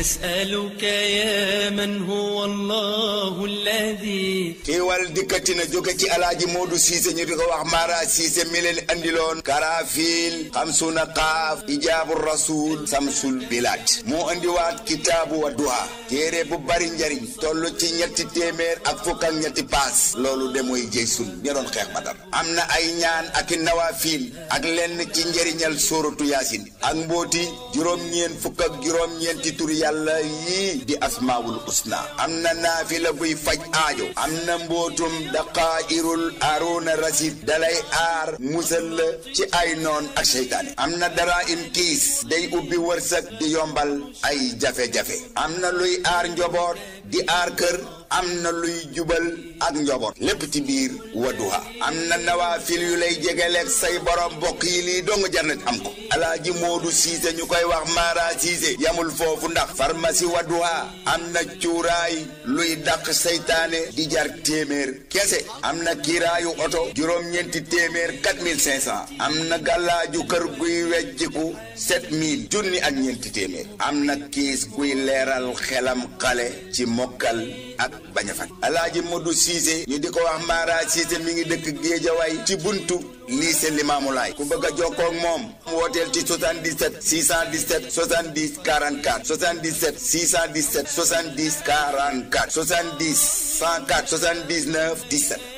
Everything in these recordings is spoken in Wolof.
نسألك يا من هو الله الذي xiiwal dikkati na jóge ci alaaji Moodu Siise ñu di ko wax Mara Siise mi leen andiloon karaafil xamsuna xaaf ijaabu rasul samsul bilaat moo andiwaat kitaabu wa duha téere bu bari njariñ toll ci ñetti téeméer ak fukk ak ñetti paas loolu de mooy jëy sun ña doon xeex Badar am na ay ñaan ak nawaafil ak lenn ci njariñal sóoratu yaasin ak mbóoti juróom-ñeen fukk ak juróom-ñeenti turi yàlla yii di asmaawul usna am na naafila buy faj aajo am na mbootum daqaa'irul aruuna rasid dalay aar musal la ci ay noon ak seytaane am na dara in kiis day ubbi wërsëg di yombal ay jafe-jafe am na luy aar njoboot di aar kër am na luy jubal ak njaboot lépp ci biir Wadduha am na nawaafil yu lay jegeleeg say borom mbokk yi lii dong jar am ko alaaji Moodu Siise ñu koy wax Mara Siise yamul foofu ndax pharmacie Wadduha am na cuuraay luy dàq seytaane di jar téeméer kese am na kiiraayu oto juróom-ñeenti téeméer 4500 am na ju kër guy wejjiku 7000 junni ak ñeenti téeméer am na kiis guy leeral xelam xale ci mokkal ak bañ a fat alaaji Modou Cissé ñu di ko wax Mara Cissé mi ngi dëkk Géejawaay ci buntu lycée Limaamulaay ku bëgg a jokkoo ak moom mu wooteel ci 77 617 70 44 77 617 70 44 70 104 79 17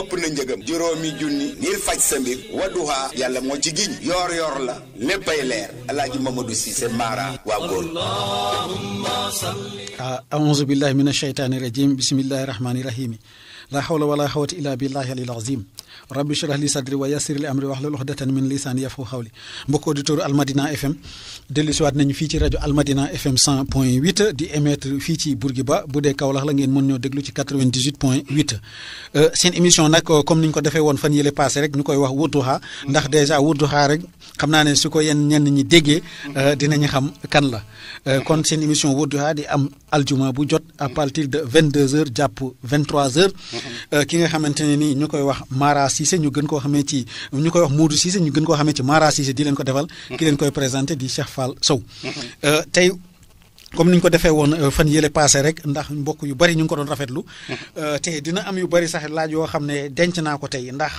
ëpp na njëgam juróomi junni ngir faj sa mbir Wadduha yàlla moo ci giñ yoor yoor la léppay leer alaaji Mamadou Cissé Mara waa góor a aouzu billahi min asheytaani rajim bismillahi rahmaani rahim la hawla wala hawata illa billahi alil azim rabbi shrah li sadri wa yassir li amri wahlul uqdatan min lisani yafqahu qawli mbokk auditeur Almadina FM dellusiwaat nañu fii ci rajo Almadina FM 100 point 8 di émettre fii ci Bourguiba bu dee Kaolack la ngeen mën ñoo déglu ci 98 point 8 seen émission nag comme ni ko defee woon fan yële passé rek ñu wax Wadduha ndax dèjà Wadduha rek xam naa ne su ko yenn ñenn ñi déggee euh, dinañu xam kan la euh, kon seen émission Wadduha di am aljuma bu jot a partir de 22h jàpp 23h euh, ki nga xamante ne ni ñu koy wax Mara Cissé ñu gën koo xamee ci ñu koy wax Moodu Cissé ñu gën koo xamee ci Mara Cissé di leen ko defal ki leen koy présenté di Cheikh Fall Sow tey comme ni ko defee woon fan yële passé rek ndax mbokk yu bari ñu ngi ko doon rafetlu te dina am yu bari sax laaj yoo xam ne denc naa ko tey ndax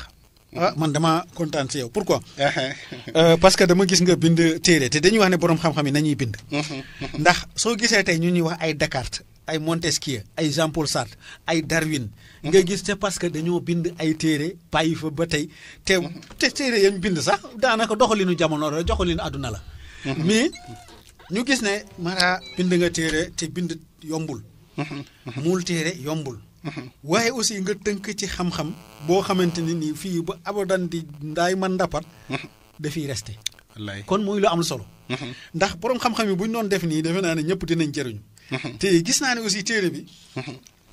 ah man dama kontaan si yow pourquoi. Uh-huh. Euh, parce que dama gis nga bind téere te dañuy wax ne borom xam-xam yi nañuy bind. Uh-huh. Uh-huh. ndax soo gisee tey ñu ñuy wax ay Descartes ay Montesquieu ay Jean Paul Sartre ay Darwin. nga gis c'est parce que dañoo bind ay téere bàyyi fa ba tey te te téere yañ bind sax daanaka doxalinu jamono la joxalinu àdduna la. mais ñu gis ne Mara bind nga téere te bind yombul. muul téere yombul. waaye aussi nga tënk ci xam-xam boo xamante ni nii fii ba abadan di ndaay man ndappat dafiy resté kon mooy lu am solo ndax boroom xam-xam yi bu ñu doon def nii defe naa ne ñëpp dinañ jëriñu te gis naa ne aussi téere bi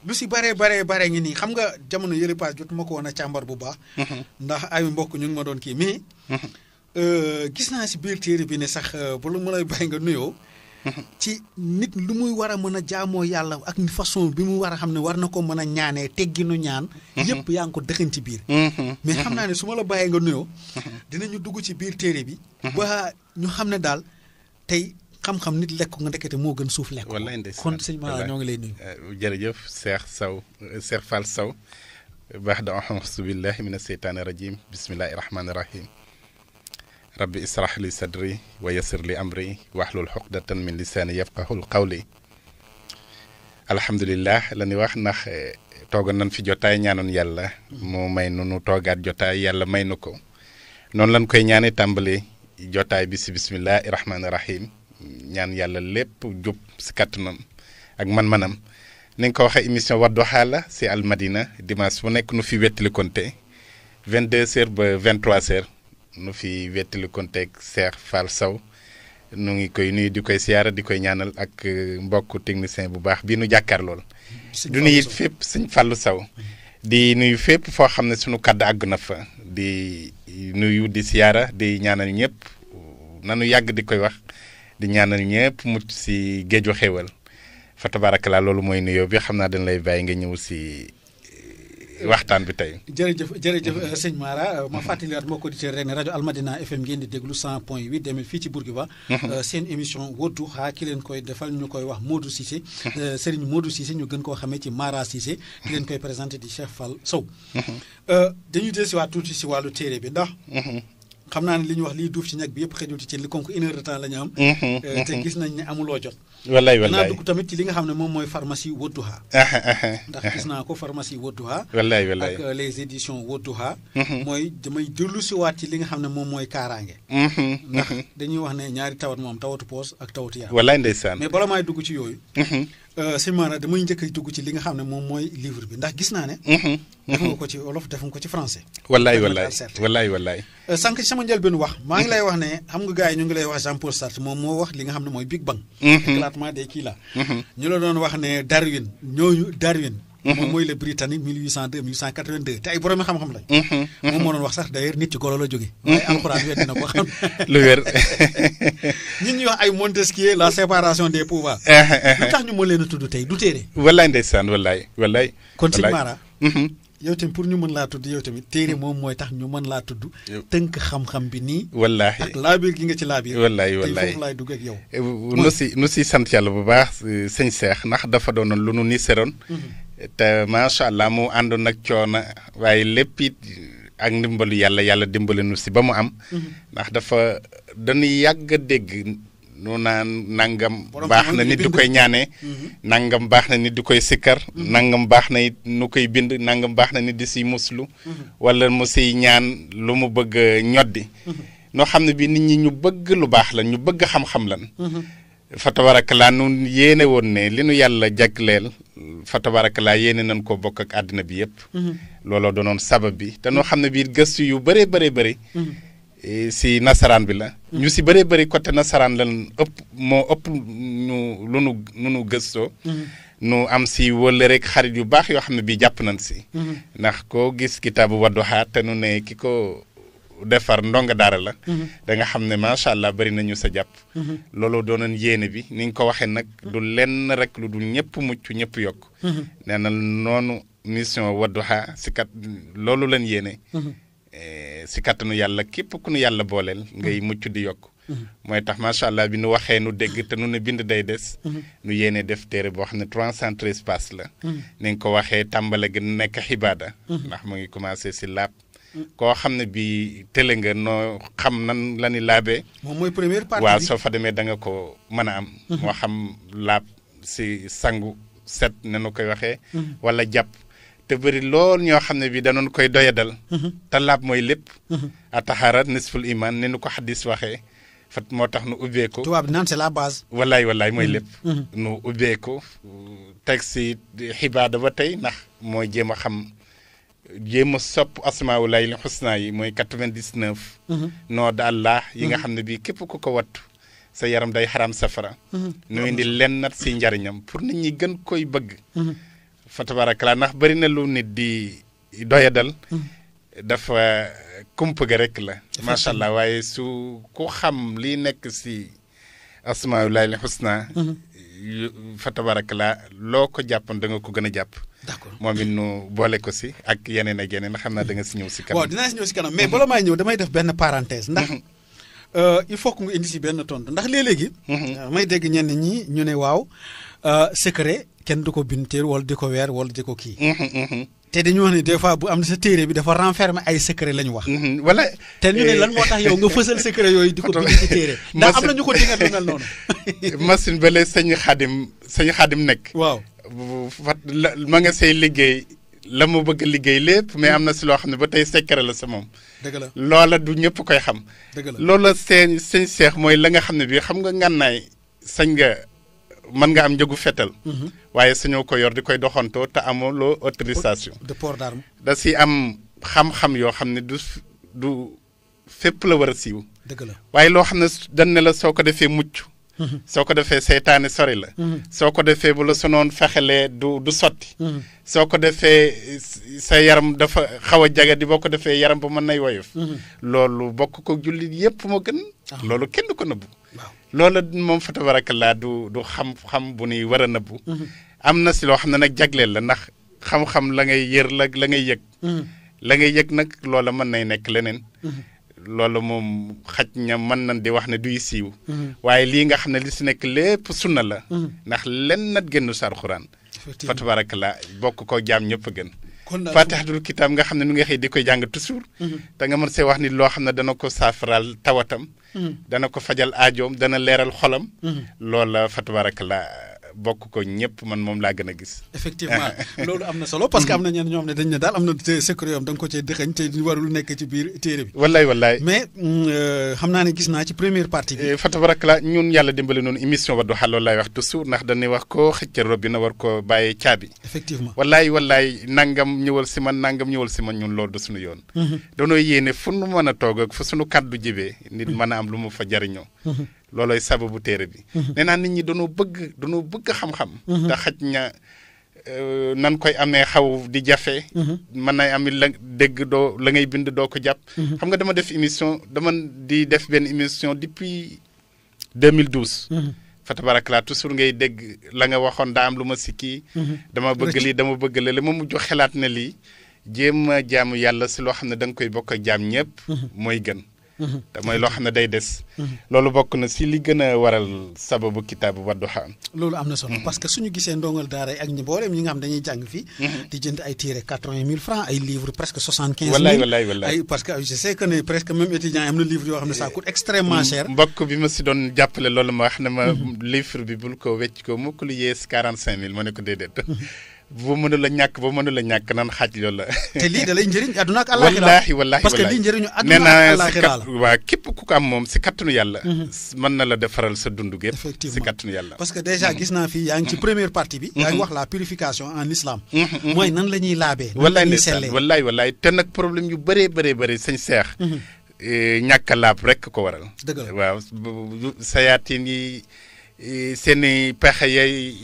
lu si baree baree bare ngi nii xam nga jamono yële paas jotuma ko woon a càmbar bu baax ndax ay mbokk ñu ngi ma doon kii mais euh, gis naa si biir téere bi ne sax euh, bu la mën a bàyyi nga nuyoo ci nit lu muy war a mën a jaamoo yàlla ak façon bi mu war a xam ne war na ko mën a ñaanee tegginu ñaan. yëpp yaa ngi ko dëxañ ci biir. mais xam naa ne su ma la bàyyee nga nuyoo. ñu dugg ci biir téere bi. ba ñu xam ne daal tey xam-xam nit lekk nga ndekete moo gën suuf lekk. wallaay ndeysaan kon sëñ Mara ñoo ngi lay nuyu. Euh, jërëjëf Cheikh Sow euh, Cheikh Fall Sow. baax da axusu billahi min aseytaani rajim bismillahi rahmaani rahim ربي اسرح لي صدري ويسر لي أمري واحلل xoqdatan min lisaani yafqahul qawli alhamdulilah la ñuy wax ndax toogoon nañ fi jotaay ñaanoon yàlla mu may nu nu toogaat jotaay yàlla may nu ko noonu lañ koy ñaane tàmbali jotaay bi si bisimillahi rahmaani rahim ñaan yàlla lépp jub si kàttanam ak man-manam ni nga ko waxee émission Wadduha la si Al Madina dimanche bu nekk nu fi wettali konte 22 heures ba 23 heures nu fi wettali konteeg Cheikh Fall saw nu ngi koy nuyu di koy siyaara di koy ñaanal ak euh, mbokk technicien bu baax bii nu jàkkaar lool du nuyu fépp sëñ Fallou Sow di nuyu fépp foo xam ne suñu kàddu àgg na fa di nuyu di siyaara di ñaanal ñëpp nanu yàgg di koy wax di ñaanal ñëpp mucc si géej géeju xéewal fa laa loolu mooy nuyoo bi xam naa dañ lay bàyyi nga ñëw si waxtaan bi tey. jërëjëf jërëjëf euh, sëñ Mara euh, ma fàttaliwaat mbokki auditeurs rek ne rajo Almadina FM ngeen di déglu 100 point 8 demee fii ci Bourguiba. Uh-huh. Euh, seen émission Wadduha ki leen koy defal ñu koy wax Modou Cissé. Uh-huh. Serigne Modou Cissé ñu gën koo xamee ci Mara Cissé. ki leen koy présenté di Cheikh Fall Sow. Uh-huh. dañuy dellusiwaat tuuti si wàllu téere bi ndax. xam naa ne li ñu wax liy duuf ci ñag bi yëpp xëjul ci ci li kon une heure de am. Euh, te gis nañ ne amuloo jot. wallaay wallaay dinaa dugg tamit ci li nga xam ne moom mooy pharmacie Wadduha. Ah, ah, ah, ndax gis naa ko pharmacie Wadduha. wallaay wallaay ak euh, les éditions Wadduha. mooy damay dellu si waat ci li nga xam ne moom mooy kaaraange. ndax dañuy wax ne ñaari tawat moom tawatu poos ak tawatu yaram. wallaay ndeysaan mais bala maay dugg ci yooyu. Euh, sëñ Mara damay njëkk dugg ci li nga xam ne moom mooy livre bi ndax gis naa ne. Mhm, mhm. def nga ko ci wolof def nga ko ci français. wallaay wallaay wallaay wallaay. Euh, ci sama njëlbeen wax. maa ngi lay wax ne xam nga gars yi ñu ngi lay wax Jean Paul Sartre moom moo wax li nga xam ne mooy Big Bang. Mhm. éclatement des kii la. ñu la doon wax ne Darwin ñooñu Darwin. Mm-hmm. moom mooy le britannique 1802 1882 te ay borom xam-xam lañ. Mm-hmm. moom moo mm-hmm. doon wax sax d'ailleurs nit ci golo la jóge. waaye alxuraan weddi na ko xam. lu wér. ñun ñuy wax ay Montesquieu la séparation des pouvoirs. Eh, eh, lu tax eh. leen tudd tey du téere. wallaay ndeysaan wallaay wallaay. kon sëñ Mara. yow tamit pour ñu mën laa tudd yow tamit téere moom mooy tax ñu mën laa tudd. tënk xam-xam bi nii. wallaahi ak laabiir gi nga ci laabiir. wallaahi wallaahi tey foofu laay dugg ak yow. nu si nu si sant yàlla bu baax sëñ Seex ndax dafa doon lu nu ni seroon. te macha allah mu àndoon ak coono waaye lépp it ak ndimbalu yàlla yàlla dimbali nu si ba mu am. Mm-hmm. ndax dafa dañuy yàgg a dégg nu naan nangam. baax na nit di koy ñaanee. Mm-hmm. nangam baax na nit di koy sikkar. Mm-hmm. nangam baax na it nu koy bind nangam baax na nit di siy muslu. wala mu siy ñaan lu mu bëgg a ñoddi. noo xam ne bii nit ñi ñu bëgg lu baax la ñu bëgg xam-xam lan. fa tabaraka laa nu yéene woon ne li nu yàlla jagleel. fa tabarakalaa yéene nañ ko bokk ak àddina bi yëpp. looloo doonoon sabab bi te noo xam ne bii gëstu yu bëree bëree bëri. si nasaraan bi la. ñu si bëree bëri côté nasaraan lan ëpp moo ëpp nu lu nu nu nu nu am si wëlle rek xarit yu baax yoo xam ne bii jàpp nañ si. Uhuh. ndax koo gis kitaabu Wadduha te nu ne ki ko. defar ndongo daara la. Mhm. da nga xam ne macha allah bari nañu sa jàpp. Mhm. looloo doonoon yéene bi ni nga ko waxee nag du lenn rek lu du ñëpp mucc ñëpp yokk. Mhm. nee na noonu mission Wadduha si kat loolu lañ yéene. Eh, si kattanu yàlla képp ku nu yàlla booleel. ngay mucc di yokk. mooy tax macha allah bi nu waxee nu dégg te nu ne bind day des. nu yéene def téere boo xam ne trois cent treize la. ni nga ko waxee tàmbale gi nekk xibaada. ndax mu ngi commencé si laab. koo xam ne bii tele nga noo xam nan la ni laabee. moom mooy première soo fa demee danga ko mën a am. Mhm. moo xam laab si sangu set ne nu koy waxee. Mhm. wala jàpp te bëri lool ñoo xam ne bii danoon koy doyadal. Mhm. te laab mooy lépp. ataxaara nisful iman ne nu ko xaddis waxee. fat moo tax nu ubbee la base. wallaay wallaay mooy lépp. nu ubbee teg si xibaada ba tey ndax mooy jéem a xam. jéem a sopp asmaawu lay li xusnaa yi mooy mhm. noo da allah yi nga mhm. xam ne bii képp ku ko wattu sa yaram day xaram safara nu mhm. indi len nat si njariñam pour nit ñi gën koy bëgg fa tabarakalaa ndax bari na lu nit di doyadal dafa kump ga rek la macha allah waaye su ku xam liy nekk si asmaawu lay li xusnaa fa tabarakalaa loo ko jàppoon da nga ko gën a jàpp. d'accord moom it nu boole ko si ak yeneen ak yeneen xam naa da nga si ñëw si kanam. waaw dinaa si ñëw si kanam mais bala maay ñëw damay def benn parenthèse ndax. Mhm. Euh, il faut que nga indi si benn tontu ndax léeg-léegi. Mhm. Euh, may dégg ñenn ñi ñu ne waaw euh, secret kenn du ko bind téere wala di ko weer wala di ko kii. Mhm, te dañu wax ne des fois bu am na sa téere bi dafa renfermer ay secret la ñu wax. Mhm. wala te ñu ne eh. lan moo tax yow nga fësal secret yooyu di ko bind ci téere. ndax am na ñu ko dinga mel noonu. machine ba la sëñ xadim sëñ xadim nekk. waaw fat ma nga say liggéey la ma bëgg liggéey lépp mais hmm. am na si loo xam ne ba tey secret la sa moom. dëgg la loola du ñëpp koy xam. dëgg la loola seen sëñ seex mooy la nga xam ne bii xam nga ngànnaay sañ nga. mën nga am njëgu fetal mhm. waaye suñoo ko yor di koy doxantoo te amuloo autorisation. de port d'arme da si am xam-xam yoo xam ne du du fépp la war a siiw. dëgg la waaye loo xam ne dan ne la soo ko defee mucc. Mhm. soo ko defee seytaane sori la. Mhm. ko defee bu la sunoon fexelee du du ko defee sa yaram dafa xaw a jaga di boo ko defee yaram ba mën nay woyof. loolu bokk ko jullit yépp moo gën. Ah. loolu kenn du ko nëbbu. loola moom fa tabarakallah du du xam-xam bu nuy war a nëbbu. Mhm. am na si loo xam ne nag jagleel la ndax xam-xam la ngay yër la la ngay yëg. Mhm. la ngay yëg nag loola mën nay nekk leneen. Mhm. loolu moom xaj ña mën na di wax ne duy siiw. waaye lii nga xam ne li si nekk lépp sunna la. ndax lenn nag génnu sa alxuraan. fa tabarakallah bokk ko jaam ñëpp a gën. faatixatul kitaab nga xam ne nu nga xëy koy jàng toujours. da mhm. nga mën see wax nit loo xam ne dana ko saafaraal tawatam. Mhm. dana ko fajal aajoom dana leeral xolam. Mhm. loola fa tabaaraka la bokk ko ñëpp man moom laa gën a gis. effectivement loolu am na solo parce que am na ñenn ñoom ne dañ ne daal am na secret yoom da ko cee dëxañ euh, eh, la ñun yàlla dimbali noonu émission Wadduha loolu laay wax toujours war ko bàyyee caabi. wallaay wallaay nangam ñëwal si man nangam ñëwal si man ñun loolu du suñu yoon. Mhm. dañoo yéene fu nu mën a toog ak fu suñu kàddu jibee nit mhm. mën a am lu mu fa jariñoo mhm. loolooy saba bu téere bi. Mhm. nee naa nit ñi danoo bëgg danoo bëgg xam-xam. Mhm. te xaj na euh, nan koy amee xaw di jafe. Mhm. mën nay am la dégg doo la ngay bind doo ko jàpp. xam nga dama def émission dama di def benn émission depuis 2012. fa tabarakalaa toujours ngay dégg la nga waxoon daa am lu ma sikki. dama bëgg lii dama bëgg la li ma mujj xalaat ne lii jéem a jaam yàlla si loo xam ne danga koy bokk ak jaam ñëpp. mooy gën. te mooy loo xam ne day des. loolu bokk na si li gën a waral sababu kitaabu Wadduha. loolu am na solo mhm. parce que suñu gisee ndongal daara ak ñi booleem ñi nga xam dañuy jàng fii. Mhm. di jënd ay téere quatre-vingt mille francs ay livres presque soixante quinze mille. parce que am na livre yoo xam ne ça coûte extrêmement cher. Mm, mbokk bi ma si doon jàppale loolu ma wax ne ma mhm. livre bi bul ko wecc ko mukk lu yees quarante ne ko déedéet. ba mën la ñàkk ba mën la ñàkk nan xaaj loolu la. te lii da lay njëriñ aduna ak àllaaxira wallaahi wallaahi parce que lii njëriñu aduna ak àllaaxira la nee naa waa képp ku ko am moom si kattanu yàlla. Mhm. mën na la defaral sa dund gépp. si kattanu yàlla. parce que déjà mhm. gis naa fii yaa ngi ci mhm. première partie bi. yaa ngi wax la purification en islam. mooy nan la ñuy laabee. nan la ñuy sellee wallaay wallaay te nag problème yu bëree bëree bëri sañ seex. Eh, ñàkk a laab rek ko waral. dëgg la waaw sayaatin yi seen i pexe yay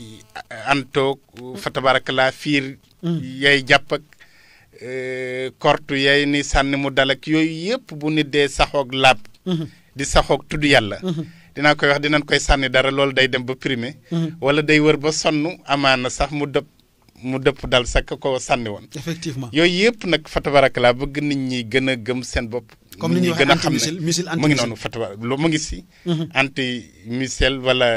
antoog fa tabarakalaa fiir mm. yay jàpp ak e, kortu yay ni sànni mu dal yooyu yëpp bu nit dee saxoog laab mm-hmm. di saxoog tudd yàlla mm-hmm. dinaa koy wax dinañ koy sànni dara loolu day dem ba primé mm-hmm. wala day wër ba sonn amaan na sax mu dëpp mu dëpp dal sax ko sànni woon effectivement yooyu yëpp nag fa bëgg nit ñi gën a gëm seen bopp comme ni ñuy wax anti missile missile anti missile mu ngi noonu fatabar lu mu ngi si. Mhm. anti missile wala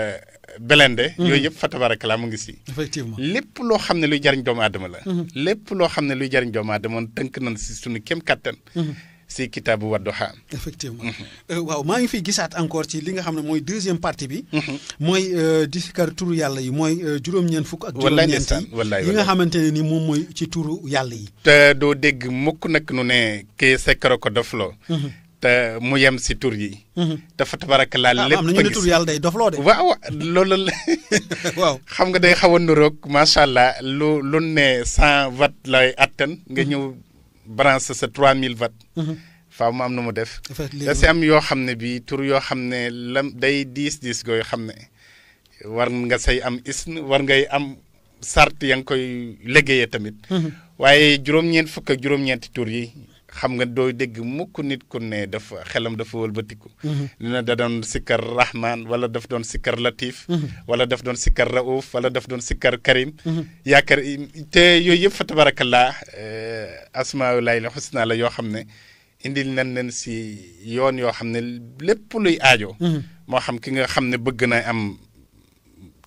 belende. Mhm. yooyu yëpp fatabarakala mu ngi si. effectivement lépp loo xam ne luy jariñ doomu aadama la. Mhm. lépp loo xam ne luy jariñ doomu aadama tënk nañ si suñu kéem kattan. si kitaabu Wadduha effectivement mhm. euh, waaw maa ngi fi gisaat encore ci li nga xam ne mooy deuxième partie bi mhm. mooy euh, di sikar turu yàlla yi mooy euh, juróom-ñeent fukk ak juróom-ñeent yi yi nga xamante ne ni moom mooy ci turu yàlla yi te doo dégg mukk nag nu ne kii sekkaro ko dofloo mhm. te mu yem si tur yi dafa tabaraka laa ah, lépp am nañu ne tur yàlla day dofloo de waaw loolu la waaw xam nga day xaw a nuroog allah lu lu ne cent watt lay attan nga ñëw branche sa 3000 watt. Mhm. faaw mu am na mu def. da am yoo xam ne bii tour yoo xam ne lam day diis diis goo xam ne war nga say am isn war ngay am sart ya nga koy liggéeyee tamit. Mhm. waaye juróom-ñeent fukk juróom-ñeenti tur yi xam nga dooy dégg mukk nit ku ne dafa xelam dafa wëlbatiku. dina mhm. da doon sikkar rahman wala daf doon sikkar latif. Mhm. wala daf doon sikkar raouf wala daf doon sikkar karim. Mhm. yaakaar te yooyu yëpp fa tabarakallah eh, asmaaullahi husna la yoo xam ne indil nañ leen si yoon yoo xam ne lépp luy aajo. moo xam ki nga xam ne bëgg na am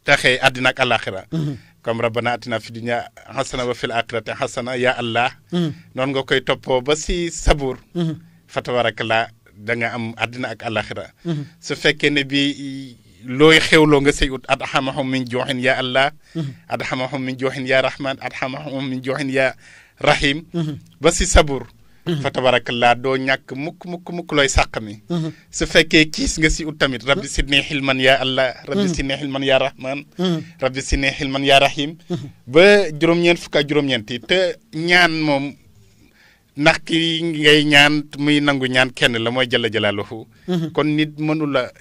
taxee àddina ak àllaaxira comme rabbana atina fi dunya hasana wa fil akhirati hasana ya allah noonu nga koy toppoo ba si sabuur fa tabarakallah da nga am àddina ak alaxira su fekkee ne bi looy xewloo nga say ut adxamahum min jooxin ya allah adxamahum min jooxin ya rahman adxamahum min jooxin ya rahim ba si sabuur fa tabarakallah doo ñàkk mukk mukk mukk looy sàq mi mhm. su fekkee kiis nga si ut tamit rabbi mhm. sidni xilman yaa allah rabbi mhm. sidni xilman yaa rahman rabbi sidni xilman yaa rahim ba juróom-ñeent fukk ak juróom-ñeent te ñaan moom ndax ki ngay ñaan muy nangu ñaan kenn la mooy jalla jalaaluhu kon nit mënula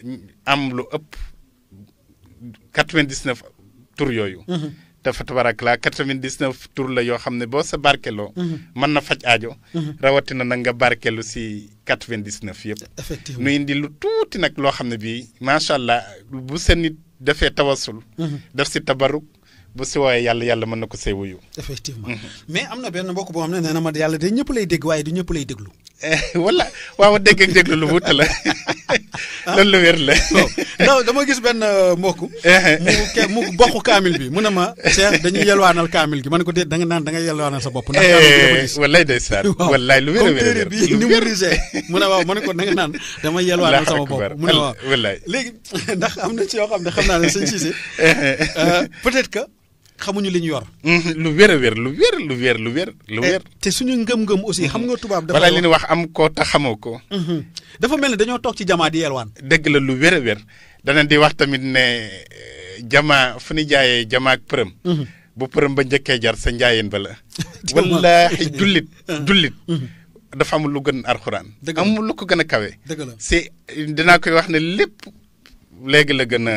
am lu ëpp quatre-vingt-dix-neuf yooyu dafa tabarakla 99 tur la yoo xam ne boo sa barkeloo. Mhm. mën na faj ajo mhm. rawatina nag nga barkelu si 99 yëpp. effectivement nu indi lu tuuti nag loo xam ne bii macha allah bu seen it defee tawasul. Mhm. daf si tabaruk. bu si wooyee yàlla yàlla mën na ko see wuyu. effectivement mais am na benn mbokk boo xam ne nee na ma yàlla de ñëpp lay dégg waaye du ñëpp lay déglu. wala waaw dégg ak déglu lu wut la loolu lu wér la. non dama gis benn euh, mbokk. Eh, eh. mu ke mu kaamil bi mu a ma. Cheikh dañuy yelwaanal kaamil gi ma ne ko déet da nga naan da ngay yelwaanal sa bopp. ndax kaamil eh, wallaay ndeysaan wallaay lu a wér a ne waaw ma ko da naan dama yelwaanal sama bopp mu ne waaw wallaay léegi ndax am na ci yoo xam ne xam naa ne sëñ Cissé euh, peut-être que. xamuñu li ñu yor. Mm-hmm. lu wér a wér lu wér lu wér lu wér lu eh, wér. te suñu ngëm-ngëm aussi xam nga mm-hmm. tubaab. dafa wala li ñu wax am ko te xamoo ko. Mm-hmm. dafa mel ne dañoo toog ci jamaa di yelwaan. dëgg la lu wér a wér danañ di wax tamit ne eh, jamaa fu ñu jaayee jamaa ak përëm. bu përëm ba njëkkee jar sa njaayeen ba la. wallaahi jullit ah. jullit. dafa amul lu gën alxuraan. dëgg amul lu ko gën a kawe. dëgg la si dinaa koy wax ne lépp léegi la gën a.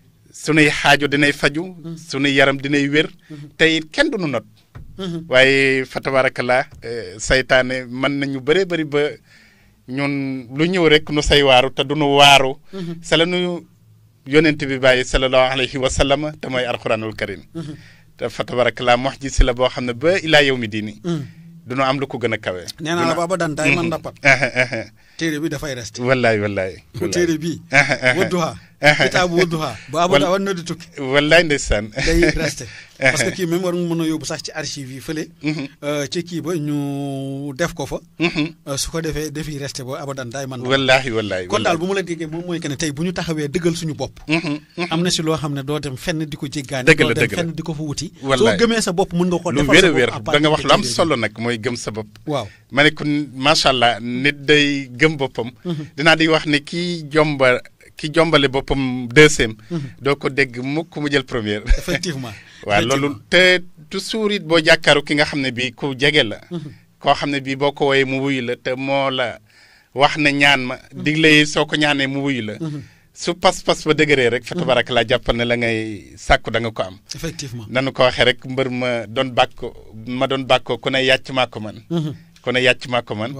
sunuy xaajo dinay faju mm-hmm. sunuy yaram dinay wér mm-hmm. tey kenn du nu not mm-hmm. waaye fa tabaarakallaa eh, saytaane mën nañu bëree bëri ba ñun lu ñëw rekk nu say waaru te du nu waaru sa la nu yonent bi bàyyi sallallahu alayhi wa te mooy alxuraanul karim te fa la boo xam ne ba ilaa yow mi diini mm. du am lu ko gën a kawe nee naa la booba dantaay man ndappat eh, eh, téere bi dafay resté wallaay wallaay téere bii Wadduha kitaabu Wadduha ba abada wan na di tukki wallaay ndeysaan day resté parce que kii même war nga mën a yóbbu sax ci archive yi fële mhm. euh, ci kii ba ñu def ko fa mhm. euh, su ko defee defi resté ba abadan daay man wallaay wallaay kon daal bu la déggee moom mooy que ne bu ñu taxawee dëggal suñu bopp mhm, na si loo xam doo dem fenn di ko jéggaani doo dem fenn di ko fa wuti soo gëmee sa bopp mën nga ko defal lu wér a wér da nga solo nag mooy gëm sa bopp waaw ma ne allah nit day gëm gëm boppam. dinaa di wax ne kii jomba ki jombale boppam deuxième. doo ko dégg mukk mu jël première. effectivement waaw loolu te toujours it boo jàkkaaru ki nga xam ne bii ku jege la. koo xam ne bii boo ko woyee mu wuyu la te moo la wax ne ñaan ma. digle soo ko ñaanee mu wuyu la. su pas-pas ba dëgëree rek. fa tabarak laa jàppal ne la ngay sàkku da nga ko am. effectivement nanu ko waxee rek mbër ma doon bàkko ma doon bàkko ku ne yàcc maa ko man. Mhm. ku ne yàcc maa ko man.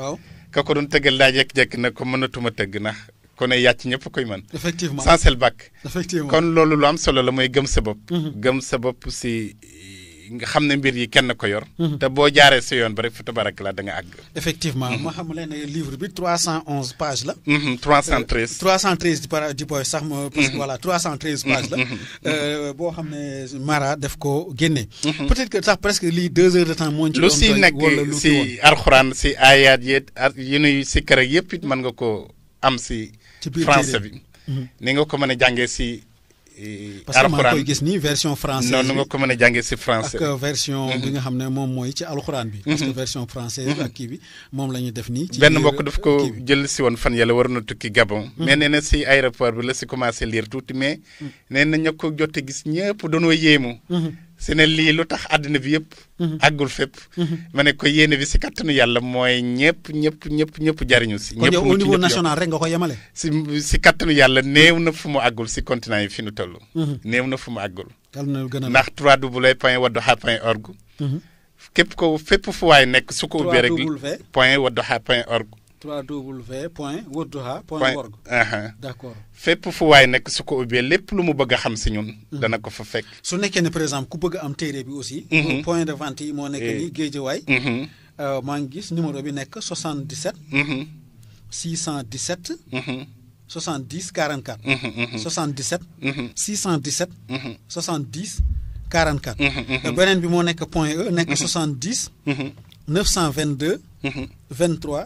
ka ko doon tëggal daa jekk-jekk nag ko mënatuma tëgg ndax ku ne yàcc a koy mën. effectivement sans kon loolu lu am solo la mooy gëm sa mhm. gëm sa si. nga xam ne mbir yi kenn ko yor. Mhm. te boo jaaree sa yoon ba rek fa tabarakallah da nga àgg. effectivement ma mhm. xam leen ne livre bi 311 page la. 313 mhm, 313 euh, par di boy sax ma. parce que voilà 313 page la. Euh, boo xam ne Mara def ko génne. peut-être que sax presque lii 2 heures de temps moo ñu ci. lu si nekk si alxuraan si ayaat yeeg ak nuy si kër yëpp it man nga ko am si. ci français bi. ni nga ko mën a jàngee si. parce que maa ngi koy gis nii version française noonu nga ko mën a jàngee si français ak euh, version bi nga xam ne moom mooy ci alxuraan bi parce que mhm. version française mhm. ak kii bi moom la ñu def nii benn mbokk daf ko jël si woon fan yàlla war na tukki Gabon mhm. mais nee na si aéroport bi la si commencé liir tuuti mais nee na ña ko jote gis ñëpp doonoo yéemu c'est né li lutax tax bi yëpp. agul mhm. fépp. Mhm. mané ko yéene bi ci kattanu yalla moy ñepp ñepp ñepp ñepp jariñu ci ñepp mu ci au niveau national rek nga ko yemale. si si kattanu yàlla néew na fu agul ci continent yi fi ñu toll. Mhm. néw na fu agul àggul. 3 www.wadduha.org. képp ko fépp fu way nek su ko rek. point wadduha www.wadduha.org uh-huh. d'accord fépp fu waay nekk su ko ubbee lépp lu mu bëgg a xam si ñun. Mm-hmm. dana ko fa fekk. su nekkee ne par exemple ku bëgg am téere bi aussi. Mm-hmm. point de vente yi moo nekk eh. nii Géejawaay. Mm-hmm. Euh, maa ngi gis numéro bi nekk 77. 617. 70 44. 77. 617. 70 44. beneen bi moo nekk point E nekk 70. 922. 23.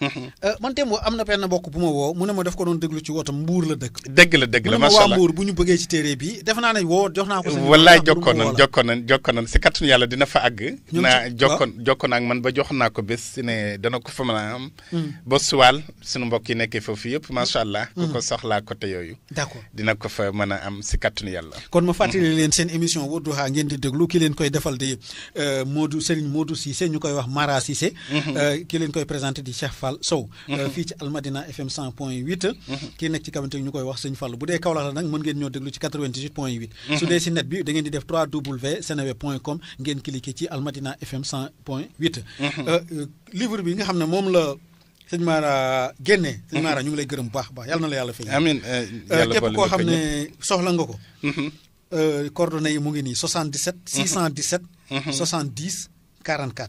Euh, man itam am na benn bokk bu ma woo mu ne ma def ko doon déglu ci woto mbuur la dëkk. dëgg la dëgg la macha allah mbuur bu ñu bëggee ci téere bi def naa ne woo jox naa ko. seen wallaay jokkoon nañ jokkoon nañ jokkoon nañ si kàttanu yàlla dina fa àgg. naa jokkoon ba jox naa ko bés si ne dana ko fa mën a am. Hmm. ba suwaal suñu yi nekkee foofu yëpp macha allah. ku hmm. ko soxlaa côté yooyu. d'accord dina ko fa mën a am si kàttanu yàlla. kon ma fàttali hmm. leen seen émission Wadduha ngeen di déglu ki leen koy defal di euh, Modou Serigne si Cissé ñu koy wax Mara Cissé euh, ki leen koy présenté di Cheikh Fall Sow. Mhm. Euh, fii ci Almadina FM 100 point 8. Mhm. kii nekk ci kabante ñu koy wax sëñ Fall bu dee Kaolack la nag mën ngeen ñoo déglu ci 98 point mhm. su dee si net bi da di def ci Almadina euh, euh, bi nga xam ne moom la. sëñ Mara génne sëñ Mara ñu ngi lay gërëm baax baax yàlla na la yàlla fay. amiin képp koo xam ne soxla nga ko. coordonnées yi mu ngi nii 77. 617. 70 44.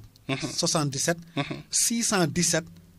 77. 617.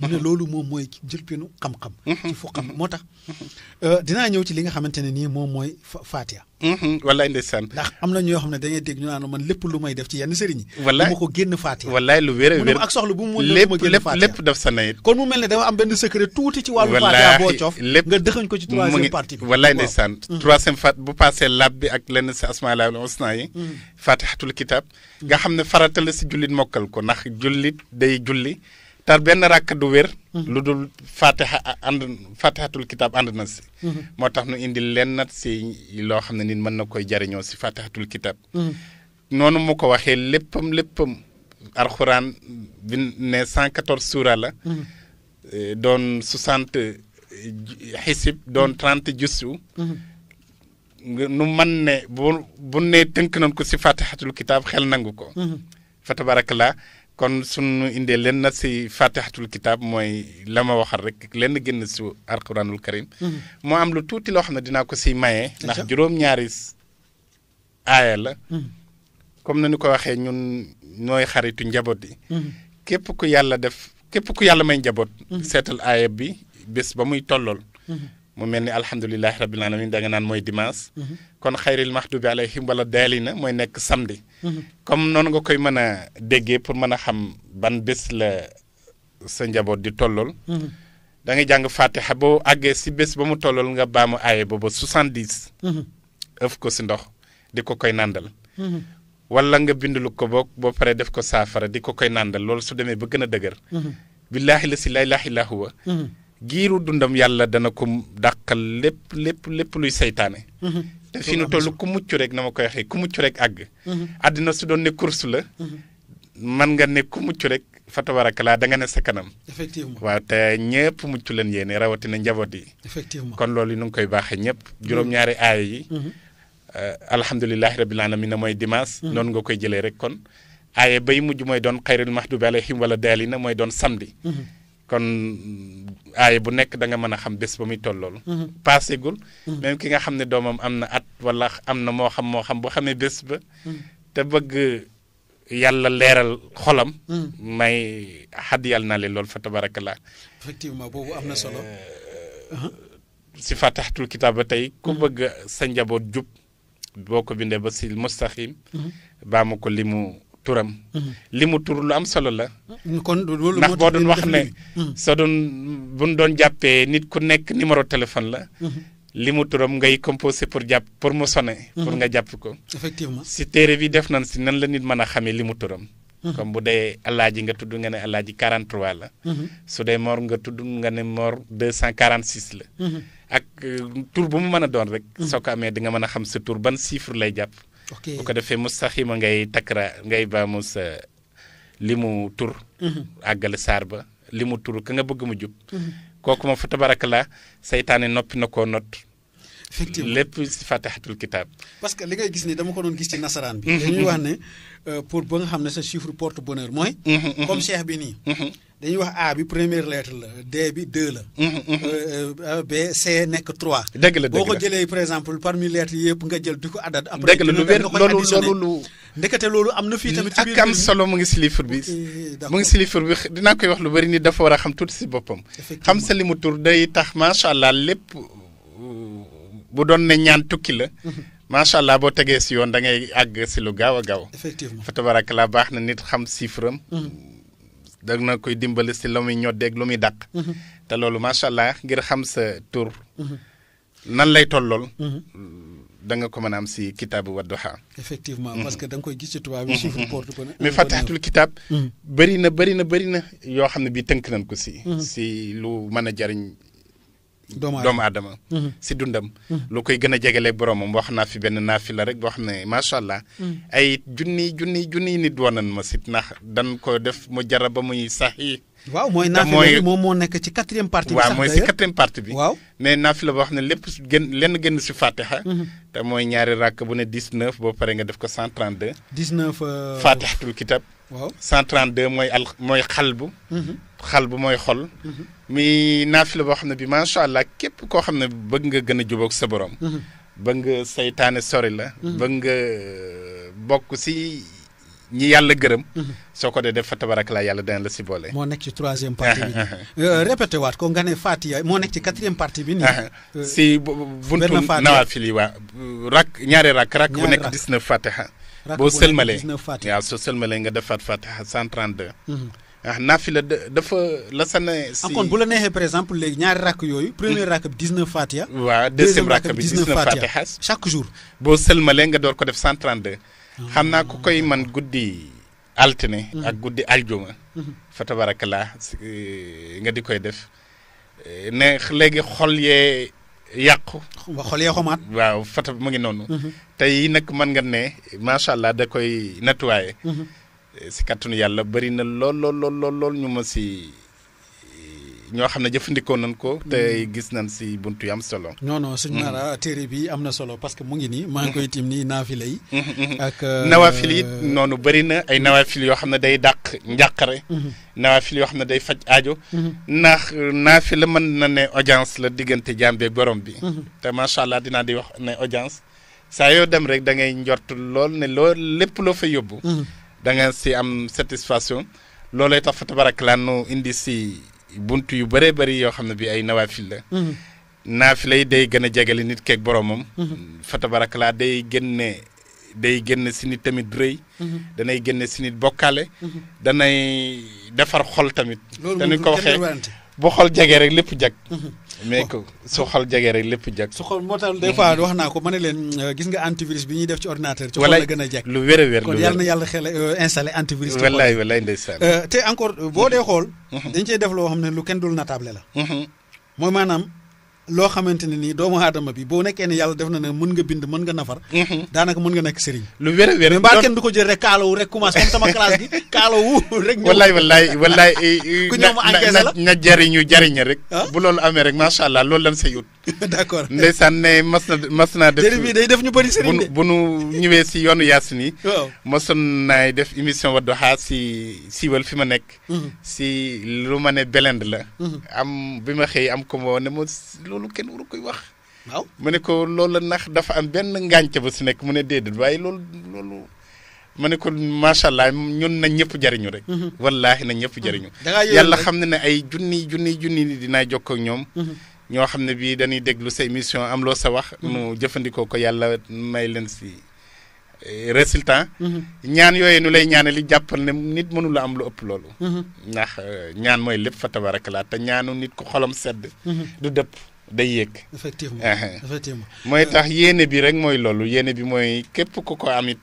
mu ne loolu moom mooy jëlpinu xam-xam. Mm-hmm. ci xam mm-hmm. moo tax. Mm-hmm. Euh, dinaa ñëw ci li nga xamante ne nii moom mooy Faatiha. wallaay ndeysaan. ndax am na ñoo xam ne da ngay dégg ñu naan man lépp lu may def ci yenn sëriñ yi. wallaay du ma ko génn Faatiha. wallaay lu wér a wér ak soxla bu lépp lépp sa nay. kon mel ne dafa am benn secret tuuti ci wàllu. Faatiha boo coof lépp nga dëxañ ko ci troisième partie bi. wallaay ndeysaan fat bu passé laab bi ak lenn si asmaalaay husna yi. Faatihatul kitaab. nga xam ne farata la si jullit mokkal ko ndax jullit day julli tar benn rakk du wér. Mhm. lu dul fatiha ànd fatihatul kitaab ànd na si. Mhm. moo tax nu indi lenn si loo xam ne nit mën na koy jariñoo si fatihatul kitaab. Mhm. noonu mu ko waxee léppam léppam alxuraan bi ne 114 suura la. Eh, doon 60 eh, xisib doon 30 nu man ne bu bu ne tënk nañ ko si fatihatul kitaab xel nangu ko. fa la kon sunu indee leen na si fatihatul kitaab mooy la ma waxal rek lenn génn si alquranul karim mhm. moo am lu tuuti loo xam ne dinaa ko si maye. ndax juróom-ñaari aaya la. Mhm. comme na ñu ko waxee ñun nooy xaritu njaboot yi. Mhm. képp ku yàlla def képp ku yàlla may njaboot. seetal aaya bi bés ba muy tollool. mu mel ni alhamdulilahi rabbil alamin da nga naan mooy dimaas kon xayril mahdubi alayhim wala daalina mooy nekk samedi. comme noonu nga koy mën a déggee pour mën a xam ban bés la sa njaboot di tollool. da jàng fatiha boo àggee si bés ba mu tollool nga baamu aaye booba soixante-dix. ëf ko si ndox di ko koy nàndal. wala nga bindlu ko boog boo paree def ko saafara di ko koy nàndal loolu su demee ba gën a dëgër. billaahi la si laa ilaaha illaa giiru dundam yàlla dana ko dàqal lépp lépp lépp luy seytaane. Mhm. te fi nu toll ku mucc rek na ma koy waxee ku mucc rek àgg. Mhm. àddina su doon ne course la. Mhm. man nga ne ku mucc rek fa tabarakalaa da nga ne sa kanam. waaw te ñëpp mucc leen yéene rawatina njaboot yi. effectivement kon loolu nu ngi koy baaxee ñëpp. juróom-ñaari aaya yi. Eh, alhamdulilahi rabil aalamiina mooy dimanche. noonu nga koy jëlee rek kon. aaye bay mujj mooy doon xayril mahdubi alayhim wala daalina mooy doon samedi. kon aay bu nekk da nga mën a xam bés ba muy tollool mhm. paasegul mhm. même ki nga xam ne doomam am na at wala am na moo xam moo xam boo xamee bés ba mhm. te bëgg yàlla leeral xolam may xadd yàlla naa leen lool fa tabarakallah effectivement boobu am na solo eh, si fataxtul kitaab ba tey ku bëgg sa njaboot jub boo ko bindee ba si mustaqim baa ma ko li turam hmm. li mu tur lu am solo la kon loolu wax ne hmm. nit ku nekk numéro téléphone la hmm. turam ngay composé pour jàpp pour mu sonné pour nga jàpp ko effectivement si bi def si nan la nit mën a xamee turam comme bu dee alaaji nga tudd nga ne alaaji 43 la su mor nga tudd nga mor 246 la ak euh, tur bu mu mën a rek soo ko amee di nga mën xam ban chiffre lay bu ko defee mustaxima ngay takra ngay baamu sa li mu tur. Mhm. àggale saar ba li mu tur ka nga bëgg mu jub. Mhm. kooku ma fa tabaraka la saytaane noppi na koo not. effectivement lépp si fatihatul kitab parce que li ngay gis ni dama ko doon gis ci nasaraan bi. dañuy wax ne pour ba nga xam ne sa chiffre porte bonheur mooy. comme cheikh bi nii. dañuy wax A bi première lettre la D bi 2 la. B C nekk 3. dëgg la dëgg la boo ko jëlee par exemple parmi lettres yëpp nga jël di ko adat. après dëgg la lu wér loolu loolu lu. ndekete loolu am na fii tamit. ci biir ak am solo mu ngi si livre bi. mu ngi si livre bi dinaa koy wax lu bëri ni dafa war a xam tuuti si boppam. xam sa li mu tur day tax macha allah lépp. bu doon ne ñaan tukki la. Mhm. macha allah boo tegee si yoon dangay àgg si lu gaaw gaaw. effectivement fa tabaraka la baax na nit xam chiffre am. Mhm. dana koy dimbali si lu muy ñoddeeg lu muy dàq. Mhm. te loolu macha allah ngir xam sa tur. nan lay tollool. da nga ko man a am si kitaabu Wadduha. effectivement parce que da koy gis ci tubaab yi chiffre porte kitaab. bëri na bëri na bëri na yoo xam ne bi tënk nañ ko si. si lu mën a jariñ. doomu aadama mm-hmm. si dundam mm-hmm. lu koy gën a jegelee boromam wax naa fi benn naafi la rek boo xam ne macha allah mm-hmm. ay junni junni junni nit wonan ma si ndax dan ko def mu jara ba muy saxi waaw mooy naafila bi moom moo nekk ci quatrième partie. bi sax waaw mooy si quatrième partie bi. waaw mais naafila boo xam ne lépp gën lenn gën si fatiha. te mooy ñaari rakk bu ne dix neuf boo pare nga def ko cent trente deux. dix neuf. Euh, fatihatul kitab. 132 moy al moy xalbu. xalbu mooy xol. muy naafila boo xam ne bi macha allah kep ko xamne beug nga gëna a ak sa borom. ba nga saytaane sori la. ba nga bok ci ñi yàlla gërëm. soko de def tabarak la yàlla dañ la ci bolé mo nek ci 3e partie bi. répété wat ko ngane fatia mo nek ci 4e partie bi. ni si buntu nawaafil wa rak ñaari rak rak bu nek 19 Fatiha. boo sëlmalee waaw soo sëlmalee nga defaat fatiha 132. ah naafila dafa la sa ne. si kon bu la neexee par exemple léegi ñaari rakk yooyu. premier rakk bi 19 fatiha. waaw deuxième rakk bi 19 fatiha ah. chaque jour. boo sëlmalee nga door ko def 132. Ah. xam naa ku koy man guddi altine. Mhm. ak guddi aljuma. Mhm. fa tabarakallah eh, nga di koy def. Eh, ne léegi xol yee. yàqu. wa xol ya xomaat. waaw fata mu ngi noonu. Mhm. tey nag mën nga ne macha allah da koy nettoyé. Mhm. si kattanu yàlla bari na lool lool lool lool ñu ma si. ñoo xam ne jëfandikoo nañ ko. Mm. tey gis nañ si bunt yu am solo. non non sëñ mm. Mara téere bi am na solo parce que mu ngi nii. maa ngi koy tim nii naa fi yi. Mm, ak euh, nawaafil it noonu bëri na ay nawaafil yoo xam ne day dàq njàqare. Mm-hmm. nawaafil yoo xam ne day faj aajo. Mm-hmm. ndax euh, la mën na ne audience la diggante jaam beeg borom bi. Mm-hmm. te macha allah dinaa di wax ne audience. saa yoo dem rek da ngay njort lool ne lool lépp loo fa yóbbu. danga si am satisfaction. loolay tax fa tabarak indi si. bunt yu bëree bëri yoo xam ne bi ay nawaafil la mhm. naafila yi day gën a jegale nit keeg boromam mhm. fatabarak laa day génne day génn si nit tamit rëy mhm. danay génne si nit bokkaale danay defar xol tamit danuñ ko waxee bu xol jegee rek lépp jag mais que su xol jege rek lépp jag. su xol moo tax des wax naa ko ma ne leen euh, gis nga antivirus bi ñuy def ci ordinateur. ci xol la gën a jag lu wér a wér kon yàlla na yàlla xel euh, installé antivirus. ci xol wallaay wallaay euh, te encore boo dee xool. Mhm. dañ cey def loo xam ne lu kenn dul natable la. Mhm. mooy maanaam. loo xamante ne nii doomu aadama bi boo nekkee ne yàlla def na ne mën nga bind mën nga nafar. Mhm. daanaka mën nga nekk sëriñ. lu wér a wér mbaa kenn du ko jël rek kaalawu rek commencé comme rek. ñëw wallaay wallaay wallaay. Eh, eh, ku ñëw la na jariñu jariña rek. Ah? bu loolu amee rek macha allah loolu lan say ut. d' accord ndeysaan ne mas na mas naa. def bi de bu nu ñëwee si yoonu yi. waaw naay def émission Wadduha si siiwal fi ma nekk. Mhm. si lu ma ne belend la. Mhm. am bi ma xëy am ko ma ne ma loolu kenn waru koy wax. waaw mu ne ko loolu la ndax dafa am benn ngànca ba si nekk mu ne déedéet waaye loolu loolu. ma ne ko macha allah ñun nañ ñëpp jariñu rek. Mhm. wallaahi nañ ñëpp mhm. jariñu. yàlla xam na ne ay junni junni junni ni dinaa jokkoo ak ñoom. Mhm. ñoo xam ne bii dañuy déglu sa émission am loo sa wax. nu jëfandikoo ko yàlla may leen si eh, résultat. ñaan yooyu nu lay ñaane li jàppal ne nit mënula am lu ëpp loolu. ndax eh, ñaan mooy lépp fa tabarakalaa te ñaanu nit ko xolam sedd. du dëpp. day yéeg. effectivement effectivement mooy euh, tax yéene bi rek mooy loolu yéene bi mooy képp ku ko am it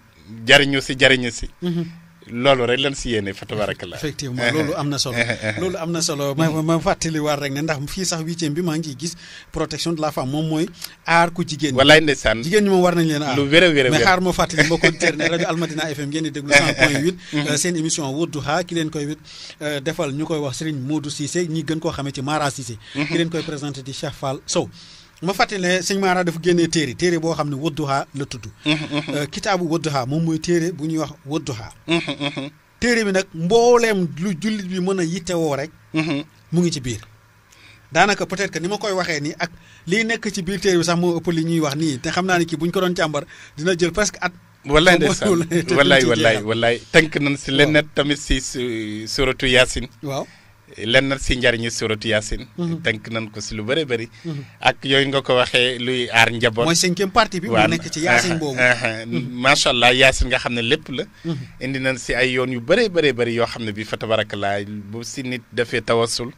jariñu si jariñu si. Mhm. loolu rek lan si yéene fa tabarakallah effectivement loolu am na solo eh, eh, eh, loolu am na solo ma ma fàttaliwaat rek ne ndax fii sax huitième bi maa ngi gis protection de la femme moom mooy aar ku jigéen ñi wallaay ndeysaan jigéen ñi moom war nañ leen aar lu wér a a mais xaar ma fàttali mbokk auditeurs ne rajo Almadina FM ngeen di déglu 100 mm-hmm. seen émission Wadduha ki leen koy euh, defal ñu koy wax Serigne Modou Cissé ñi gën koo xamee ci Mara Cissé mm-hmm. ki leen koy présenté di Cheikh Fall Sow ma fàttalee ne sëñ Mara dafa génnee téere téere boo xam ne Wadduha la tudd. Mm-hmm, mm-hmm. Euh, kitaabu Wadduha moom mooy téere bu ñuy wax Wadduha. Mm-hmm, téere bi nag mbooleem lu jullit bi mën a woo rek. mu ngi ci biir. daanaka peut-être ni ma koy waxee nii ak liy nekk ci biir téere bi sax moo ëpp li ñuy wax nii te xam naa ne kii buñ ko doon càmbar dina jël presque at. wallaay ndeysaan wallaay wallaay wallaay tënk nañ si lenn tamit si suratu Yaasin waaw. lenn si njariñu suratu Yaasin. Mhm. tënk nañ ko si lu bëri bëri. Mhm. ak yooyu nga ko waxee luy aar njaboot. mooy cinquième partie bi mu nekk ci Yaasin boobu. Mhm. macha allah Yaasin nga xam ne lépp la. indi nañ si ay yoon yu bëree bare bëri yoo xam ne bii fa tabarakallaa bu si nit dafee tawasul.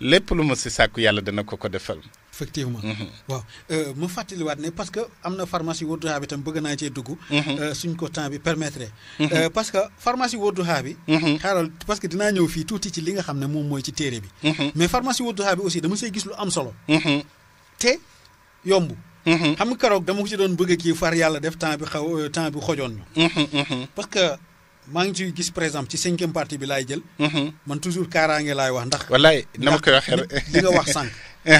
lépp lu mu si sàkku yàlla dana ko ko defal. effectivement mhm. waaw euh, ma fàttaliwaat ne parce que am na pharmacie Wadduha bi tam bëgg naa cee dugg mhm. euh, suñ ko temps bi permettre mhm. euh, parce que pharmacie Wadduha bi xaaral parce que dinaa ñëw fii tuuti ci li nga xam ne moom mooy ci téere bi mais pharmacie Wadduha bi aussi dama see gis lu am solo te yomb xam nga keroog dama ko ci doon bëgg kii far yàlla def temps bi xaw temps bi xojoon ñu parce que maa ngi ciy gis par exemple ci cinquième partie bi laay jël. Mhm. man toujours kaaraange laay wax ndax. wallaay na ma koy waxee li nga wax sànq.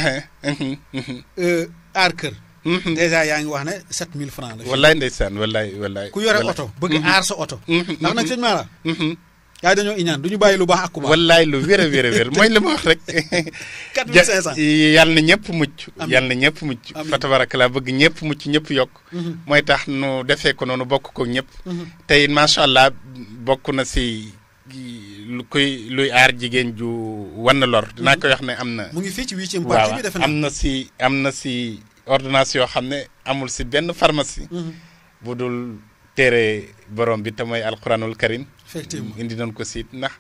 Mhm, mhm, euh, aar kër. dèjà yaa ngi wax ne 7000 francs la. wallaay ndeysaan wallaay wallaay. ku yore oto bëgg aar sa oto. ndax nag sëñ Mara. yaay dañoo iñaan du ñu bàyyi lu baax ak ku baax. wallaay lu wér a wér mooy li ma wax rek. 4500 yal ñëpp mucc. yal na ñëpp mucc. fa tabaraka laa bëgg ñëpp mucc ñëpp yokk. Mhm. mooy tax nu defee ko noonu bokk ko ñëpp. Mhm. tey macha allah bokk na si lu koy luy aar jigéen ju wan lor. dinaa mhm. koy wax ne am na. mu ngi fii ci huitième partie bi defe naa am na si am na si ordonnance yoo xam ne amul si benn pharmacie. bu dul téere borom bi te mooy alquranul karim. effectivement mm, indi doon ko siit ndax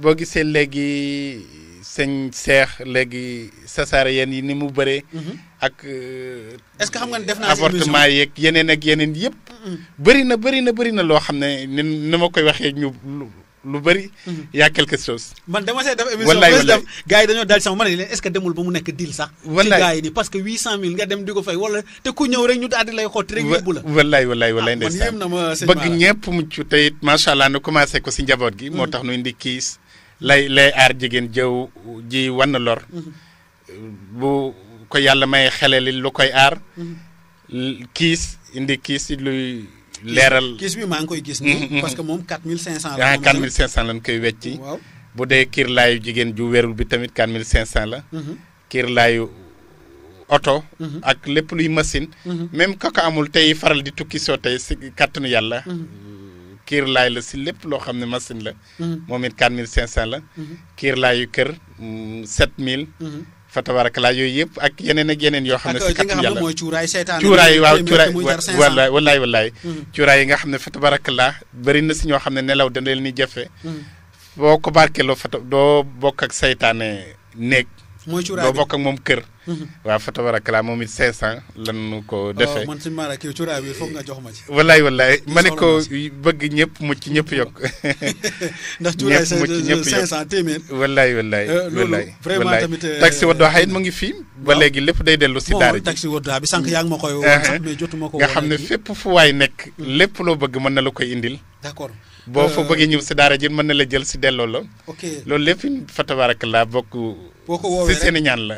boo gisee léegi sëñ seex léegi sasaare yéen yi ni mu bëree. Mm-hmm. ak. Euh, est-ce que xam nga def naa avortement yeeg yeneen ak yeneen yëpp. Mm-hmm. bëri na bëri na bëri na loo xam ne nu ma koy waxee ñu. lu bari mhm. y' a quelque chose. man dama see def émission président gars yi dañoo daal sama man ne leen est ce ba mu nekk deal sax. wallaay ci gars yi parce que 800000 nga dem di ko fay wala te ku ñëw rek ñu daal di lay xotti rek yóbbu la. wallaay wallaay wallaay ah, ndeysaan bëgg ñëpp mucc te it macha allah nu commencé ko si njaboot gi. moo mhm. tax nu indi kiis lay lay aar jigéen jëw ji wan na lor. Mhm. bu ko yàlla may xelali lu koy aar. kiis indi kiis luy. leeral kiis bi maa ngi koy gis nii mm-hmm. parce que moom 4500 la. ah 4500 lañ koy wecci. waaw bu dee kiirlaayu jigéen ju werul bi tamit 4500 la. Mm-hmm. kiirlaayu oto. Mm-hmm. ak lépp luy machine. même kooku amul tey faral di tukki soo tey si kàttanu yàlla. kiirlaay la si lépp loo xam ne machine la. moom it 4500 la. kiirlaayu kër 7000. Mm, fa tabarakalaa yooyu yëpp ak yeneen ak yeneen yoo xam ne si kàttan yàlla cuuraay waaw cuuraay wallaay wallaay wallaay mm-hmm. cuuraay yi nga xam ne fa la bëri na si ñoo xam ne nelaw da leen ni jafe mm-hmm. boo ko barkeloo fa doo bokk ak saytaane néeg doo bokk ak moom kër waa fa tabarakala moom it 500 lan nu ko oh, defee man suñu maanaam kii cuuraay bi jox ma ci. wallaay wallaay ma ne ko bëgg ñëpp mucc ñëpp yokk. ndax cuuraay 500 téeméer wallaay wallaay. Euh, wallaay vraiment tamit euh, taxi Wadduha it mu ngi fii. ba léegi lépp day dellu si daara ji bi sànq yaa ma koy uh-huh. jotuma ko nga xam ne fépp fu waay nekk mm. lépp loo bëgg mën na la koy indil. d'accord boo fa euh, bëggee ñëw si daara ji mën na la jël si delloo la. ok loolu lépp fa tabarakala bokk. boo si seen ñaan la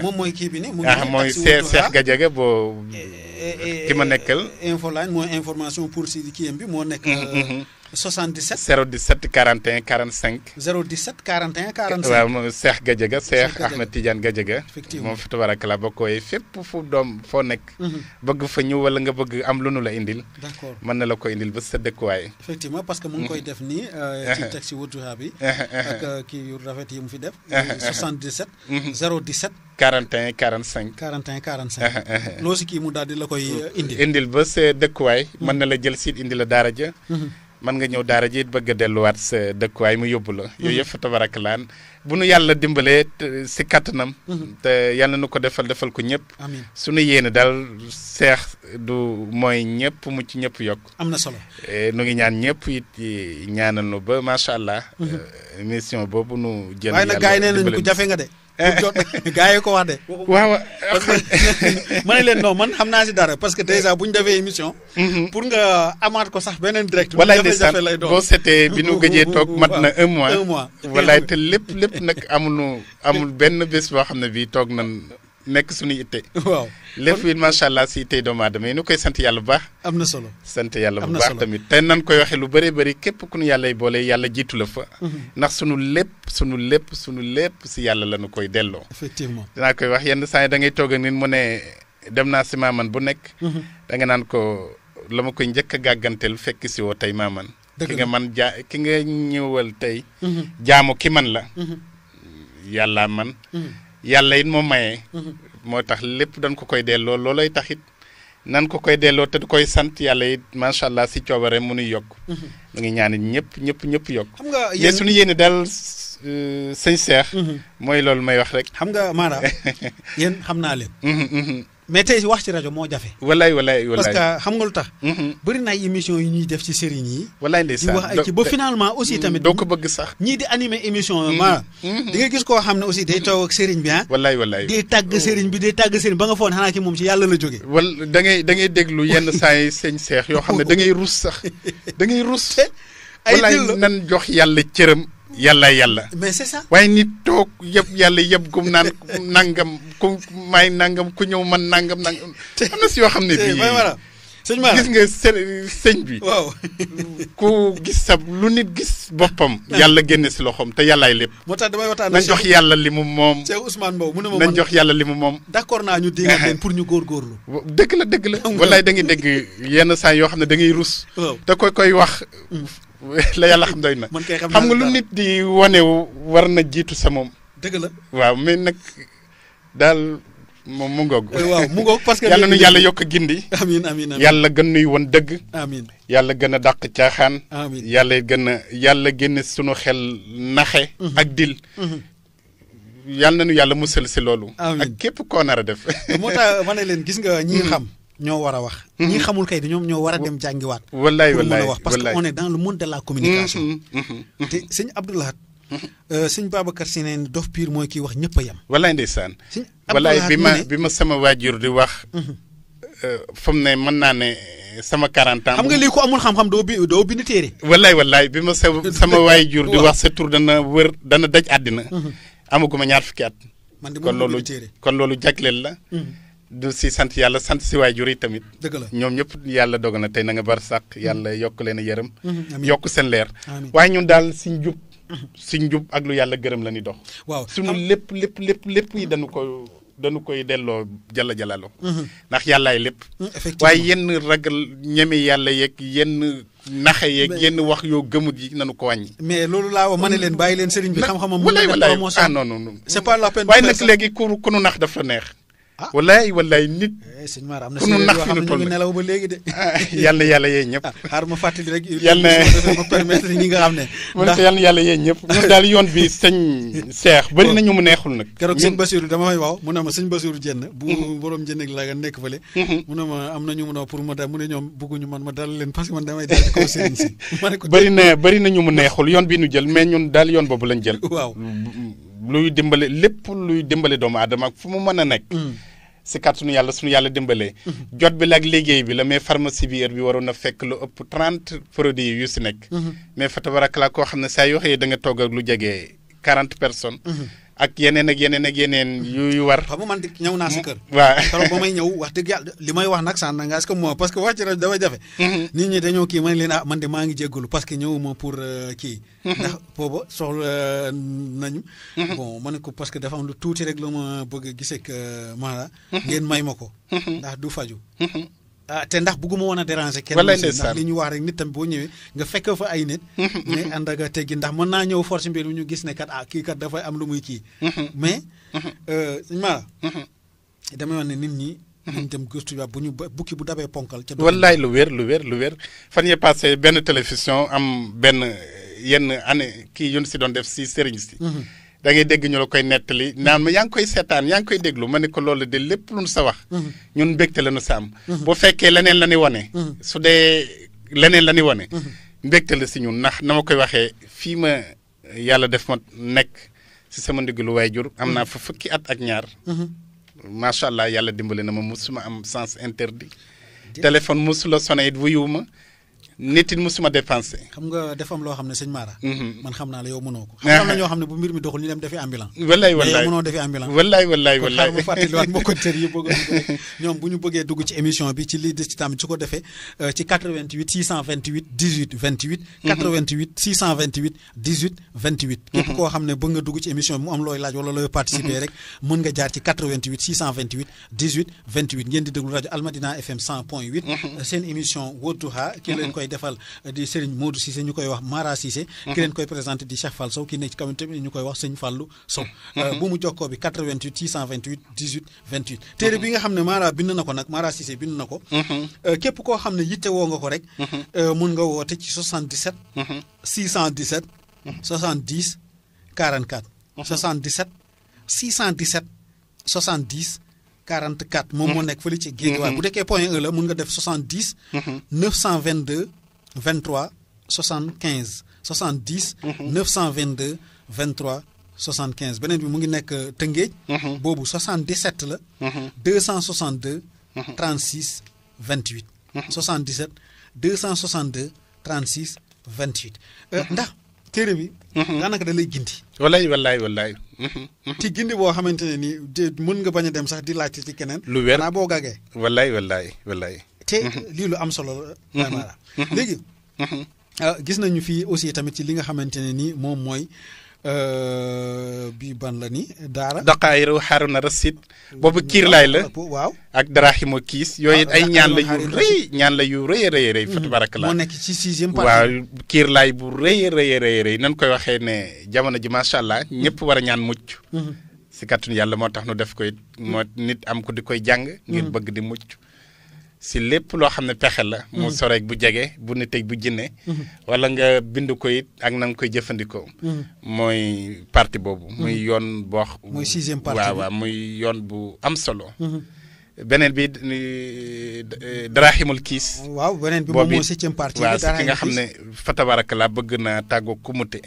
mu ah, mooy Cheikh Cheikh Gadiaga boo. Eh, eh, ki ma eh, nekkal. infoline mooy information pour si kii bi moo nekk. Mm-hmm, mm-hmm. 77 017 41 45. 017 41 45. waaw moom Cheikh Gadiaga Cheikh Ahmed Tidiane Gadiaga. moom fi tabarakallah bokkooyee fépp fu doom foo nekk. Mhm. bëgg fa ñëw wala nga bëgg am lu nu la indil. d'accord mën na la ko indil ba sa dëkkuwaay. effectivement parce que mu ngi koy def nii. Euh, ci teg si Wadduha bi. ak euh, kii yu rafet yi mu fi def. 77. 017. 41 45. 41 45. loo kii mu daal di la koy euh, indil. indil ba sa dëkkuwaay. Mhm. mën na la jël si indi la daara ja. Mhm. man nga ñëw daara ji bëgg a delluwaat sa dëkkuwaay mu yóbbu la. yooyu yëpp fa tabarakalaan bu nu yàlla dimbalee si kattanam. Mhm. te yàlla nu ko defal defal ko ñëpp. amiin sunu yéene daal seex du mooy ñëpp mu ci ñëpp yokk. am na solo e, nu ngi ñaan ñëpp it e, ñaanal nu ba macha allah. Mhm. E, mission boobu nu. jël yàlla waaye nag gars yi jafe nga de. Eh. gaa yi ko wax de. waaw parce que leen non man xam naa si dara parce que eh. dèjà bu ñu defee émission. Mm-hmm. pour nga amaat ko sax beneen direct. walaay ndeysaan boo seetee bi nu gëjee toog mat na un mois. un mois walaay te lépp lépp nag amul amul benn bés boo xam ne bii toog na nekk suñu itte. waaw lépp it macha allah si tey doomu aadama yi nu koy sant yàlla bu baax. am na solo sant yàlla bu baax tamit. te nan koy waxee lu bëree bëri képp ku nu yàlla boole yàlla jiitu la fa. Mhm. ndax sunu lépp sunu lépp sunu lépp si yàlla la nu koy delloo. effectivement dinaa koy wax yenn saa yi da ngay toog mu ne dem naa si maaman bu nekk. Mhm. danga naan ko la ma koy njëkk a gàgganteel fekk si woo tey maaman. ki nga man jaa ki nga ñëwal tey. Mhm. jaamu ki man la. yàlla man. yàlla it moo maye. Mhm. moo tax lépp dañ ko koy delloo loolay tax it nan ko koy delloo te du koy sant yàlla it macha allah si coobare mu nuy yokk. Mhm. mu ngi ñaan ñëpp ñëpp ñëpp yokk. xam nga yéen mais suñu yéene daal euh, sëñ Cheikh. Mhm. mooy loolu may wax rek. xam nga maanaam yéen xam naa leen. mais tey wax ci rajo moo jafe. wallaay wallaay wallaay parce que xam nga lu tax. Mm-hmm. bëri na émissions yu ñuy def ci sëriñ yi. wallaay ndeysaan di wax ay ci aussi tamit. Mm-hmm. doo ko bëgg sax ñii di animer émission. ma mm-hmm. nga gis koo xam ne aussi day toog ak sëriñ bi ah. wallaay wallaay day tàgg sëriñ bi day tàgg sëriñ ba nga foog ne xanaa ki moom ci yàlla la jógee. wal da da ngay déglu yenn saa yi sëñ seex yoo xam ne oh. da ngay rus sax da ngay rus. ay nan jox yàlla cëram. yàlla yàlla. mais c'est ça. waaye nit toog yëpp yàlla yëpp gum naan nangam ku may nangam ku ñëw man nangam nangam. am na si yoo xam ne bii sëñ Mara gis nga sëñ bi. waaw ku gis sa lu nit gis boppam. yàlla génne si loxoom te yàllaay lépp. moo tax damay waxtaan nañ jox yàlla li mu moom. Cheikh Ousmane Mbow mu ne nañ jox yàlla li mu moom. d'accord naa ñu dégg leen pour ñu góorgóorlu. dëgg la dëgg la. walaay da ngay dégg yenn saa yoo xam ne da ngay rus. te koy koy wax. Mm. la yàlla xam doy na. man kay xam nga lu nit di wane war na jiitu sa moom. dëgg la waaw mais nag daal moom mu ngoog. waaw mu ngoog parce que. yàlla nu yàlla yokk gindi. amiin amiin amiin yàlla gën nuy yàlla gën a dàq caaxaan. yàlla gën a yàlla génne sunu xel naxe. Mhm. ak dil. Mhm. yàlla na nu yàlla musal si loolu. ak képp koo nar def. moo tax ma ne leen gis nga ñi mhm. xam. ñoo war a wax. Mhm. ñi xamul kay ñoom ñoo war a dem jàngiwaat. wallaay wallaay wax parce que on est dans le monde de la communication. Mhm, mhm, te sëñ Abdoulahat. Euh, sëñ Babacar si neen dof piir mooy kii wax ñëpp a yem. wallaay ndeysaan. sëñ wallaay bi ma bi ma sama waajur di wax. Euh, fa ne mën naa ne sama 40 ans. xam nga ko amul xam doo bi doo bind téere. wallaay wallaay ma sa sama waajur di wax sa tur dana wër dana daj àddina. amaguma ñaar fukki at. man de kon loolu kon loolu jagleel la. du si sant yàlla sant si waajur yi tamit. dëgg la ñoom ñëpp yàlla dogal na tey na nga bar sàq yàlla yokk leen a yërëm. Mm-hmm. yokk seen leer. waaye ñun daal si njub. Mm-hmm. si njub ak lu yàlla gërëm la ni dox. waaw suñu lépp lépp lépp lépp yi dañu ko dañu koy delloo jalla jallalo mm-hmm. ndax yàllaay lépp. Mm, waaye yenn ragal ñeme yàlla yeeg yenn. naxe yeeg yenn wax yoo gëmut yi nanu ko wàññi. mais loolu laa wax ma ne leen bàyyi leen sëriñ bi xam-xamam. walaay walaay ah non non c'est waaye nag léegi ku ku nu nax dafa ah wallaay ay nit. Eh, sëñ Mara am na seen yoo xam ne ñu ngi nelaw ba léegi de. yàlla yàlla yee ñëpp. Ah, xaar ma fàttali rek. yàlla ma ñi nga xam ne. ndax yàlla yàlla yee ñëpp. ñun daal yoon bi sëñ. seex bëri na ñu mu neexul nag. keroog sëñ Basiru dama may waaw mu ne ma sëñ Basiru jenn. bu mhm. borom jenn la nga nekk fële. Mhm. ma am na ñu mun a pour ma daal mu ne ñoom bëgguñu man ma daal leen parce que man damay dal ko sëriñ si. bëri na bëri na ñu mu neexul yoon bi ñu jël mais ñun daal yoon boobu lañ jël waaw mm, mm, mm. luy dimbale lépp luy dimbale doomu aadama ak fu mu mën a nekk. Mm. si kat sunu yàlla sunu yàlla dimbalee. Mm-hmm. jot bi la ak liggéey bi la mais pharmacie bi heure bi waroon a fekk lu ëpp trente produits yu si nekk. Mm-hmm. mais fa tabaraka la xam ne saa yoo xëyee togg ak lu jege quarante personnes. Mm-hmm. ak yeneen ak yeneen ak yeneen yu war. xam nga man ñëw naa sa kër. Mm-hmm. waaw keroog ba may ñëw wax dëgg yàlla li may wax nag sànn nga est-ce que moo parce que wax ci rajo dafa jafe. Mm-hmm. nit ñi dañoo kii man leen ah, man de maa ngi jéggalu parce que ñëwuma pour euh, kii. Mm-hmm. ndax booba soxla euh, nañu. bon ma ne ko parce que dafa am lu tuuti rek la ma bëgg a gisee ak euh, Mara. ngeen may ma ko. ndax du faju ah te ndax bëgguma woon a déranger kenn ndax li ñu wax rek nit tam boo ñëwee nga fekk fa ay nit mais ànd ak teggi ndax mën naa ñëw force mbir mi ñu gis ne kat ah kii kat dafay am lu muy kii mhm. mais mhm. euh, ma mhm. damay wax ne nit ñi nañ dem gëstu bu ñu bukki bu dabee ponkal ca wallaay lu wér lu wér lu wér fan yee passé benn télévision am benn yenn année kii yun si doon def si sëriñ si da dégg ñu la koy nettali naan ma yaa ngi koy seetaan yaa ngi koy déglu ma ne ko loolu de lépp lu nu sa wax. Mhm. ñun mbégte la nu sa am. bu fekkee leneen la ñuy wane. Mhm. su dee leneen la ñuy wane. Mhm. la si ñun ndax na ma koy waxee fii ma yàlla def ma nekk si sama ndigalu jur am naa fa fukki at ak ñaar. macha allah yàlla dimbale na ma ma am sens interdit. téléphone mosu la sonné it wuyu ma. nit it musuma dépensé. xam nga dafa am loo xam ne sëñ Mara. Mhm. man xam naa la yow mënoo ko. xam naa ñoo xam ne bu mbir mi doxul ñu dem defi ambulant. wallaay wallaay mais yow mënoo defi ambulant. wallaay wallaay wallaay kon xam nga fàttaliwaat tër yi bëgg ñoom bu ñu bëggee dugg ci émission bi ci lii ci tam ci ko defee euh, ci 88 628 18 28. 88 628 18 28. képp koo xam ne bëgg nga dugg ci émission mu am looy laaj wala looy participer mhm. rek mën nga jaar ci 88 628 18 28 ngeen di déglu rajo Almadina FM 100.8. C'est une seen émission Wotuha ki lañ mhm. koy koy defal di Serigne Modou Cissé ñu koy wax Mara Cissé ki leen koy présenté di Cheikh Fall Sow ki ne ci kaw tamit ñu koy wax Sëñ Fallou Sow mmh. Mmh. bu mu jokkoo bi 88 628 18 28 téere bi nga xam ne Mara bind na ko nag Mara Cissé bind na ko mmh. euh, képp koo xam ne yitte woo nga ko rek euh, mun nga woote ci 77 617 70 44 77 617 70 44. moom moo mm-hmm. nekk li ci Guédiawaye mm-hmm. bu kee point 1 la mun nga def 70. 922 23 75 70. 922 23 75 beneen bi mu ngi nekk euh, Tëngéej. Mm-hmm. boobu 77 la. 262. 36 28. 77 262 36 28. ndax téere bi. daanaka da lay gindi. wallaay wallaay wallaay. ci gindi boo xamante ne nii mën nga bañ a dem sax di laajte ci keneen. lu wér a boo gàggee. wallaay wallaay wallaay. te mm-hmm. lii lu am solo la. Mm-hmm. Mm-hmm. léegi. Ah, gis nañu fi aussi tamit ci li nga xamante ne nii moom mooy. Euh, bii ban la ni daara daqaayiru xaruna rasid boobu kiirlaay la waaw ak daraaximo kiis yooyu ah, ay ñaan la yu rëy ñaan la yu rëy rëy rëy hmm. fa tabarakallah nekk ci sixième partie waaw kiirlaay bu rëy rëy rëy rëy nan koy waxee ne jamono ji macha allah hmm. ñëpp war a ñaan mucc hmm. si kàttun yàlla moo tax nu def koy moo nit am ko di koy jàng ngir bëgg di mucc si lépp loo xam ne pexe la. mu mm-hmm. soreek bu jege bu nit ak bu jinne mm-hmm. wala nga bind ko it ak nanga koy jëfandikoo. Mm-hmm. mooy parti boobu. muy yoon boo. muy sixième parti waaw muy yoon bu am solo. beneen bi eh, daraximul kiis. waaw beneen bi moom mooy septième partie nga xam ne fatabaraka la bëgg naa tàggoo kumute.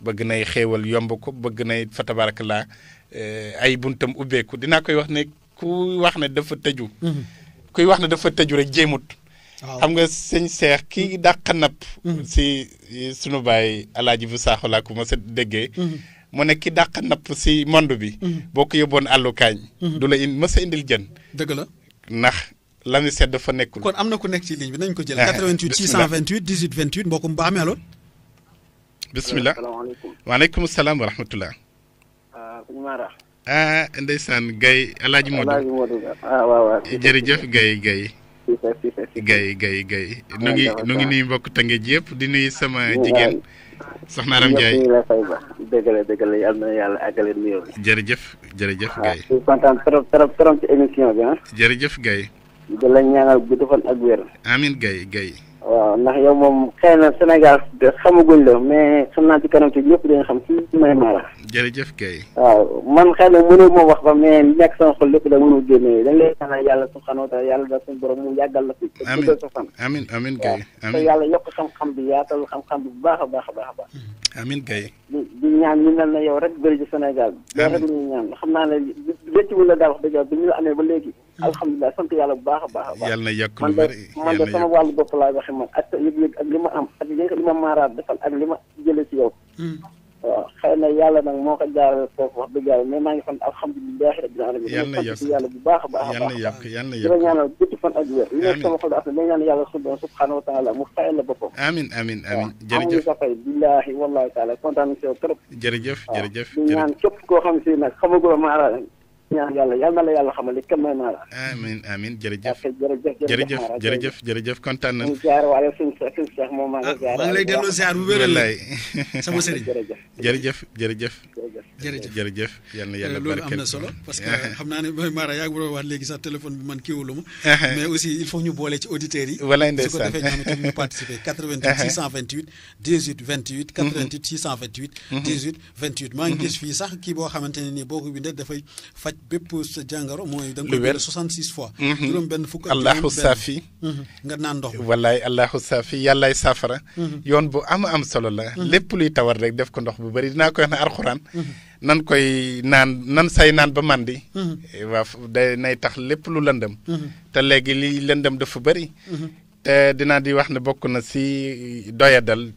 bëgg nay xéewal yomb ko bëgg nay fatabaraka laa eh, ay buntam ubbeeku dinaa koy wax ne ku wax ne dafa tëju. kuy wax ne dafa tëju rek jéemut. xam nga sëñ Seex kii mm-hmm. dàq napp. Mm-hmm. si sunu baay alaaji bu saaxu laa ko ma sa déggee. Mm-hmm. mu nekk ki dàq napp si monde bi. boo ko yóbboon àllukaañ. du la in ma a indil jën. dëgg la ndax. la mu dafa nekkul. kon am na ku nekk ci ligne bi nañ ko jël. 88 628 18 28 mbokk mu baax mi allo. bisimilah waaleykum salaam wa ah ndeysaan Gaye El Hadj Modou ah waaw waaw jërëjëf Gaye Gaye. Ah, nu ngi nu ngi nuyu mbokk Tëngéej yëpp di nuyu sama jigéen. soxna Aram Ndiaye ñëpp ñu ngi lay fay ba dëgg la dëgg la yal na yàlla àggale nuyoo bi. jërëjëf jërëjëf ah, waaw ndax yow moom xëy na Sénégal xamaguñ la mais xam naa ci kanam tuuti ñëpp dañu xam ci may maara. jërëjëf kay. waaw man xëy na mënoo ma wax ba mais li nekk sama xol lépp da mënul génne dañ lay ñaanal yàlla subhanahu wa taala yàlla daal suñu borom mu yàggal la fi. amiin amiin amiin kay amiin te yàlla yokk xam-xam bi yaatal xam-xam bi bu baax a baax a baax a baax. amiin kay. di di ñaan ñu mel na yow rek bëri ci Sénégal. amiin loolu rek la ñuy ñaan xam naa ne gëcc wu la daal wax dëgg yàlla bi ñu la amee ba léegi Mm. alhamdulilah sant yàlla bu baax a baax a baax. yàlla na yàq lu bëri man de sama wàllu bopp laay waxe man ak yëg-yëg ak li ma am ak li ma maaraat defal ak li ma jëlee ci yow. Mm. waaw xëy na yàlla nag moo ko jaarale foofu wax dëgg yàlla mais maa ngi sant alhamdulilah rabbil alamin. yàlla na yàq yàlla bu baax a baax a baax yàlla na yàq yàlla na yàq. dina ñaanal guddi fan ak wér. li nekk sama xol dafa ne ñaan yàlla suñu borom subhanahu wa taala mu fayal la boppam. amiin amiin amiin jërëjëf waaw amuñu ko fay billaahi wallaahi taala kontaan na si yow trop. jërëjëf jërëjëf waaw di ñaan képp koo xam si nag xamaguma maaraale ñaan yàlla yal na la yàlla xamal li kenn may naa la. amiin amiin jërëjëf jërëjëf jërëjëf jërëjëf na. ñu jaar wala suñu ah, lay delloo ziar bu wéral la sama sëriñ. jërëjëf jërëjëf jërëjëf jërëjëf yal na yàlla barkeel eh, loolu am na solo eh. xam naa ne mooy Mara yaa ngi sax téléphone bi man kiiwulu ma eh. mais aussi il faut ñu boole ci auditeurs yi walaay ndeysaan su ko defee ñoom itam ñu participer 88 628 18 28 88 628 18 28 maa ngi gis fii sax kii boo xamante ne nii boo ko bindee dafay faj bépp sa jàngoro mooy. da nga koy mhm. juróom benn fukk ak allahu saafi. Mhm. nga naan ndox mi wallaay allahu saafi yàllaay saafara. Mhm. yoon bu am am solo la. lépp luy tawar rek def ko ndox bu bëri dinaa koy wax ne arxuraan. nan koy naan nan say naan ba màndi. Eh, waa day nay tax lépp lu lëndëm. te léegi li lëndëm dafa bëri. te dinaa di wax ne bokk na si doyadal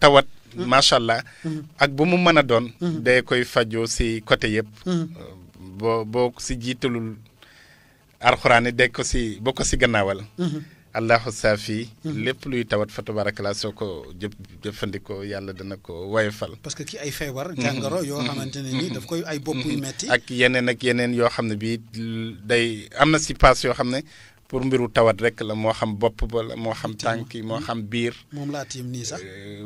tawat. macha allah. ak bu mu mën a doon. day koy fajoo si côté yëpp. Euh, boo boo si jiitalul alxuraan de ko si boo ko si gannaawal. Mhm. allahu saafi mhm. lépp luy tawat fa tabarakalaa soo ko jëfandikoo yàlla dana ko woyofal. parce que ki ay feebar. Mhm. jàngoro yoo xamante ne ni daf koy ay bopp yu metti ak yeneen ak yeneen yoo xam ne bii day am na si paas yoo xam ne. pour mbiru tawat rek la moo xam bopp ba la moo xam tànk yi moo xam biir. moom laa tiim nii euh,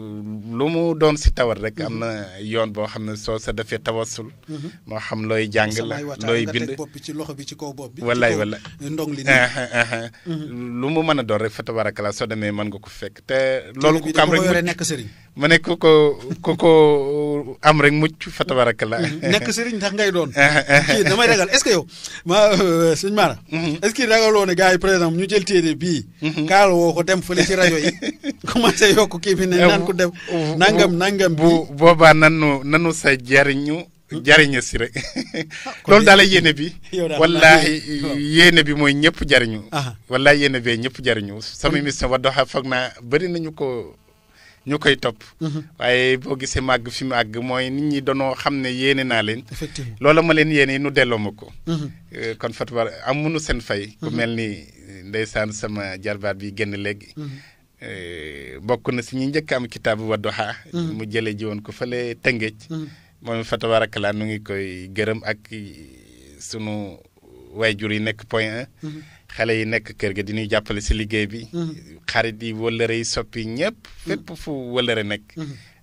lu mu doon si tawat rek am na yoon boo xam ne soo sa defee tawasul. Mhm. moo xam looy jàng la looy bind bopp ci loxo bi ci kaw bopp bi. wallaay wallaay ndong li mhm. lu mu mën a doon rek fa tabarakalaa soo demee mën nga ko fekk te. loolu am nekk sëriñ. ma ne ko ko am rek mucc fa tabarakalaa. Mhm. nekk sëriñ ndax ngay doon. damay ragal est yow ma euh, sëñ Mara. est-ce que gars yi par exemple ñu jël téere bii. Mhm. kaal woo ko dem fële ci rajo yi commencé yokk kii bi ne eh, naan ko dem. nangam nangam bu boobaa nanu nanu sa jariñu hmm? jariñu si rek ah, loolu daal la yéene bi. wallaahi yéene bi mooy ñëpp jariñu. wallaahi yéene bee ñëpp jariñu sama hmm? émission Wadduha foog naa bëri nañu ko. ñu koy topp. Mhm. waaye boo gisee màgg fi mu mooy nit ñi danoo xam ne yéene naa leen. effectivement loola ma leen yéene nu delloo ma ko. Mhm. Euh, kon Fatou amunu seen fay. ku mhm. mel ni euh, ndeysaan sama jarbaat bi génn léegi. Euh, bokk na si ñu njëkk am kitaabu Wadduha mu jële ji woon ko fële Tëngéej. moom fa tabarakalaa nu ngi koy gërëm ak sunu jur yi nekk point 1. xale yi nekk kër gi di jàppale si liggéey bi. Mm-hmm. xarit yi wëllëre yi soppi ñëpp. Mm-hmm. fépp fu wëllëre nekk. Mm-hmm.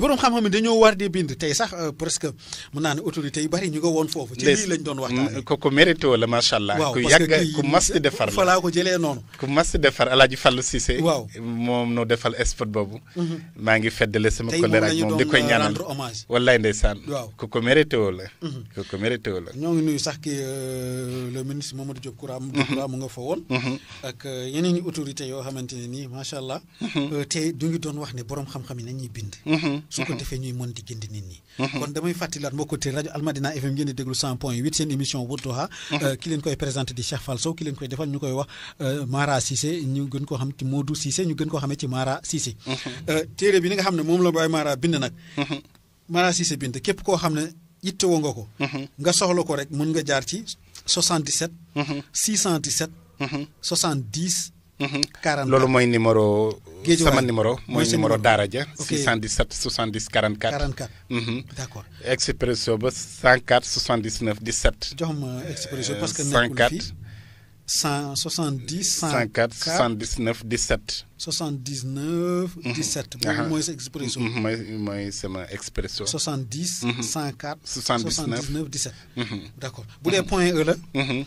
borom xam-xam yi dañoo war di bind tey sax euh, presque mën naa ne autorités yu bari ñu nga woon foofu. ci lii lañ doon mm, la macha allah. waaw parce la falaa ko jëlee noonu. ku mas defar El Hadj Fallou Cissé. waaw moom noo defal sport boobu. Mhm. maa ngi feddale sama collègue ak moom di koy euh, ñaanal tey moom la ñu doon rendre hommage. wallaay ndeysaan. waaw ku ko mérité la. Mhm. ku i autorités yoo xamante ne nii macha allah. Mhm. Euh, te du wax ne borom xam-xam yi nañuy bind Mm-hmm. su ko mm-hmm. defee ñuy mën di gindi nit ñi mm-hmm. kon damay fàttaliwaat mbokk te rajo Almadina FM ngeen déglu 100 point 8 seen émission Wadduha euh, ki leen koy présenté di Cheikh Fall ki leen koy defal ñu koy wax euh, Mara Cissé ñu gën koo xam ci Modou ñu gën koo xamee ci Mara Cissé euh, téere bi ni nga xam ne moom la Baye Mara bind nag Mara Cissé bind képp koo xam ne yittewoo nga ko nga soxla ko rek mën nga jaar ci 77 617 70 40 loolu mooy numéro. sama numéro mooy numéro Daara ja. 77 70 44. 44 d' accord. ba 104 79 17. jox ma Expresso euh, parce que nekkul fii 104 170. 104 79 17. 79. 17 moom mooy sa Expresso. Mhm, mooy mooy sama 70. 104. 79 79 17. d' accord bu dee mhm. point E la. Mhm.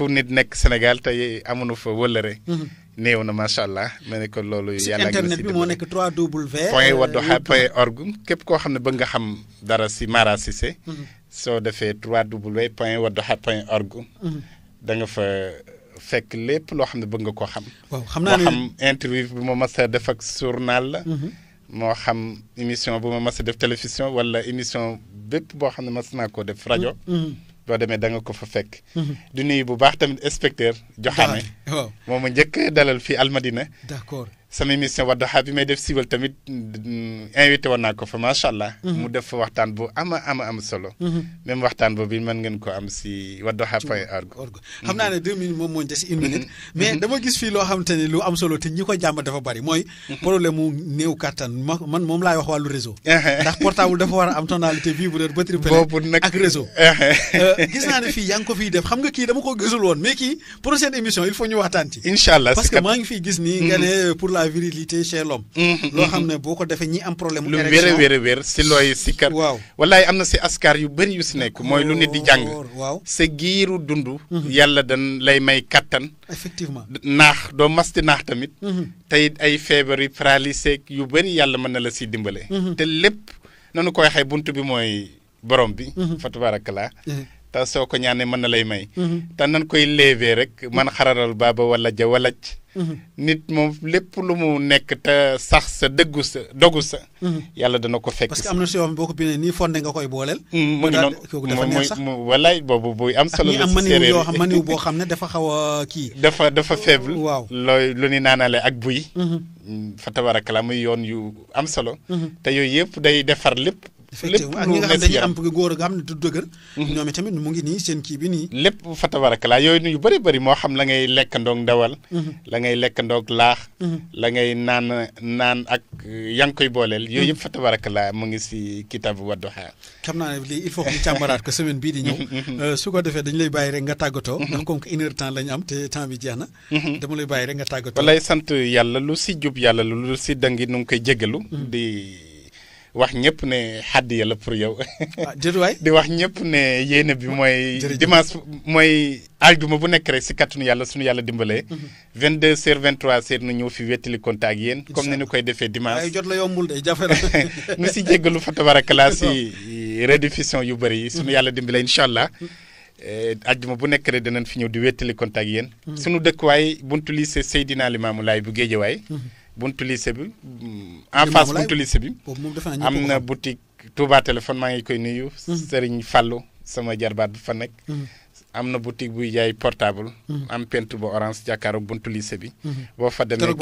fu nit nekk Sénégal te amuñu fa wëllëre. Mhm. néew na macha allah ma ne ko loolu. yàlla ngi internet bi moo nekk 3W. point euh, wadduha point org képp koo xam ne bëgg nga xam dara si Mara Cissé. Mhm. soo defee 3W point wadduha point org. Mhm. da nga fa fekk lépp loo xam ne bëgg nga koo xam. waaw xam naa ne xam interview bi ma mas a def ak journal la. moo xam émission bu ma mas a def télévision wala émission bépp boo xam ne mas naa koo def rajo. boo demee da ko fa fekk. Mhm. di bu baax tamit inspecteur. joxaane moom a njëkk dalal fii Almadina. d'accord. sama émission Wadduha bi may def siiwal tamit mm, invité woon naa ko fa macha allah. Mhm. mu def fa waxtaan bu ama am solo. Mhm. même waxtaan boobu mhm. mu néew kattan ma man moom laay wax wàllu réseau. Eh, eh. ndax portable dafa war a am tonalité vibreur batterie pleine ak réseau. Eh, euh, gis naa ne fii yaa ngi ko fiy def xam nga kii dama ko gisul woon mais kii prochaine émission il faut ñu waxtaan ci. incha allah parce que maa ngi fiy gis nii nga ne pour la la virilité mm-hmm. loo xam ne boo ko defee ñi am problème lu wér wér wér si looy sikkar waaw wallaay am na si askar yu bëri yu si nekk mooy lu nit di jàng waaw sa giiru dund mm-hmm. yàlla dan lay may kattan effectivement naax doo mas naax tamit mm-hmm. tey ay feebar yu paralysé yu bëri yàlla mën na la si dimbale te lépp nanu ko waxee bunt bi mooy borom bi fa tabarakallah eh. te soo ko ñaanee mën na lay may. Mhm. te nan koy léebee rek man xararal baaba wala ja wala mhm. nit moom lépp lu mu nekk te sax sa dëggu sa dogu sa. Mhm. yàlla dana ko fekk. parce que am na si yoo boo koy booleel. Mm, mu ngi noonu mu walaay boobu buy xam ne dafa xaw a kii. dafa dafa faible. waaw looy lu ni naanale ak buy. Mm, fa tabarakala yoon yu am solo. te yooyu yëpp day defar lépp. effectivement ak mm-hmm. ñoom itamit mu ngi nii seen kii bi nii lépp fa yooyu yooyu yu bëri bëri moo xam la ngay lekkandoog ndawal mm-hmm. la ngay lekkandoog laax mm-hmm. la ngay naan naan ak yaa ngi koy booleel yooyu yëpp fa tabarakalaa mu ngi si kitaabu Wadduha xam naa ne lii il faut que ñu ko semaine bii di ñëw euh, su ko defee dañu lay bàyyi rek nga tàggatoo ndax comme une heure temps am te temps bi jeex na dama lay bàyyi rek nga tàggatoo walay sant yàlla lu si jub yàlla lu si dangi nu ngi koy jégalu di wax ñëpp ne xàddiya la pour yow. Ah, di wax ñëpp ne yéene bi mooy. dimanche mooy aljuma bu nekk rek si kattanu yàlla suñu yàlla dimbalee. Mm-hmm. vingt 22 sur 23 seet na ñëw fi wettali contact ak yéen. comme ni ñu koy defee dimanche. waaye jot la yombul de jafe na. nu si jéggalu fa tabarakalaa si rediffusion yu bëri yi. suñu mm-hmm. yàlla dimbalee incha allah. Eh, ajjuma bu nekk rek danañ fi ñëw di wettali contact ak yéen. Mm-hmm. suñu dëkkuwaay buntu lycée Seydina Limamou laay bu Géejawaay. buntu lycée bi. Mm, en face buntu lycée bi. am na boutique Touba téléphone maa ngi koy nuyu. Mhm. Serigne Fallou sama jarbaat bu fa nekk. Mhm. am na boutique buy jaay portable. Mhm. am pentu ba orange jàkkaaroog buntu lycée bi. boo fa demee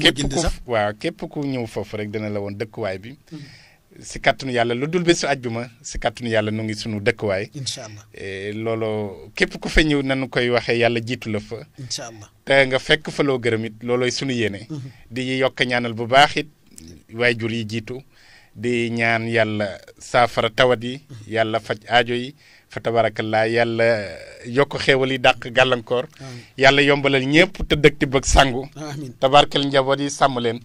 képp waaw képp ku ñëw foofu rek dana la woon dëkkuwaay bi. si kàttanu yàlla lu dul bésu àjjuma si kàttanu yàlla nu ngi sunu dëkkuwaay. incha allah e, looloo képp ku fa ñëw nanu koy waxee yàlla jiitu la fa. incha allah te nga fekk fa loo gërëm it loolooy sunu yéene. Mhm. di yokk ñaanal bu baax it jur yi jiitu. di ñaan yàlla saafara tawat yi. Mhm. yàlla faj ajo yi. fa tabarakallah yàlla yokk xéewal yi dàq gàllankoor. yàlla yombalal ñëpp te ti bëgg sangu. amiin njaboot yi sàmm leen.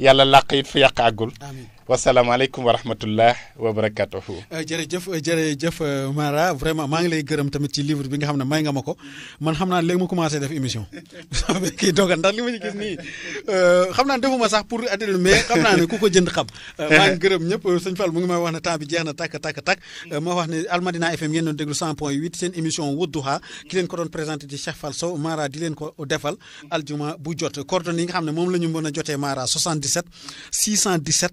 yàlla làq it fu yàq àggul. wasalaamaaleykum wa rahmatullah wa barakatuhu euh, jërëjëf euh, jërëjëf euh, Mara vraiment maa ngi lay gërëm tamit ci livre bi nga xam ne may nga ma ko man xam naa léegi ma commencé def émission kii doogan ndax li ma ci gis nii xam naa defuma sax xam naa ne ku ko jënd xam maa ngi gërëm ñëpp sëñ Fall mu ngi may wax ne temps bi jeex na tàkk tàkk tàkk ma wax ne Almadina FM ngeen doon déglu 100 point 8 seen émission ki leen ko doon présenté ci Cheikh Fall Sow Mara di leen ko defal aljuma bu jot coordonnées yi nga xam ne moom la ñu mën a jotee Mara 77 617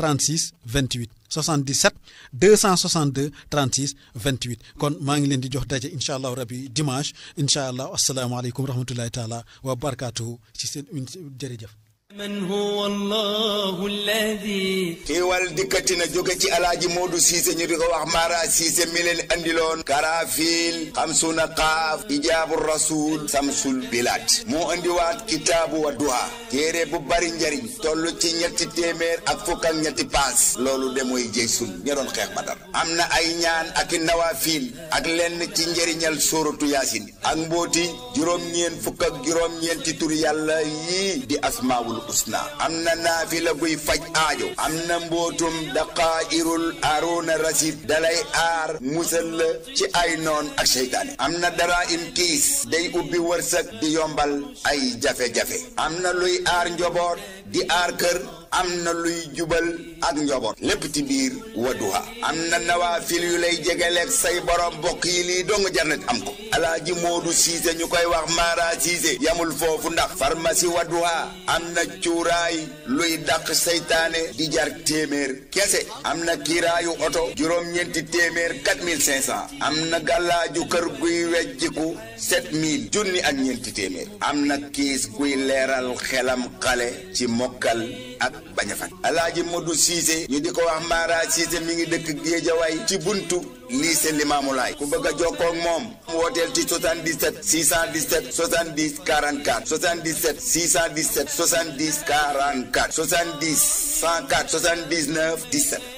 36 28 77 262 36 28 kon maa ngi leen di jox daje incha allahu rabi dimanche incha allah asalaamaaleykum wa rahmatullahi taala wa barakaatuhu ci seen jërëjëf xiiwal dikkati na jóge ci alaaji moodu siise ñu di ko wax maara siise mi leen andiloon karaafil xamsuna xaaf ijaabu rasuul samsul bilaat moo andiwaat kitaabu wa duha téere bu bari njariñ toll ci ñetti téeméer ak fukk ak ñetti paas loolu de mooy jëy sun ña xeex badar am na ay ñaan ak nawaafil ak lenn ci njariñal sóoratu yaasin ak mbóoti juróom-ñeen fukk ak juróom-ñeenti tur yàlla yii di asmaawul usna am na naafila buy faj aajo am na mbootum daqaa'irul aruuna rasid dalay aar musal la ci ay noon ak seytaane am na dara im kiis day ubbi wërsëg di yombal ay jafe-jafe am na luy aar njoboot di aar kër am na luy jubal ak njaboot lépp ci biir Wadduha am na nawaafil yu lay jegeleeg say borom mbokk yi lii dong jar am ko alaaji Moodu Siise ñu koy wax Mara Siise yamul foofu ndax pharmacie Wadduha am na cuuraay luy daq seytaane di jar téeméer kese am na kiiraayu oto juróom-ñeenti téeméer 4500 am na ju kër guy wejjiku 7000 junni ak ñeenti téeméer am na kiis guy leeral xelam xale ci mokkal ak bañ a fat alaaji Modou Cissé ñu di ko wax Mara Cissé mi ngi dëkk Géejawaay ci buntu lycée Limaamulaay ku bëgg a jokkoo ak moom wooteel ci 77 617 70 44 77 617 70 44 70 104 79 17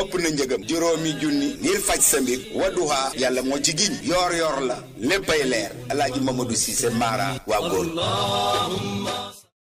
ëpp na njëgam juróomi junni ngir faj sa mbir Wadduha yàlla moo ci yoor yoor la léppay leer alaaji Mamadou Cissé Mara waa góor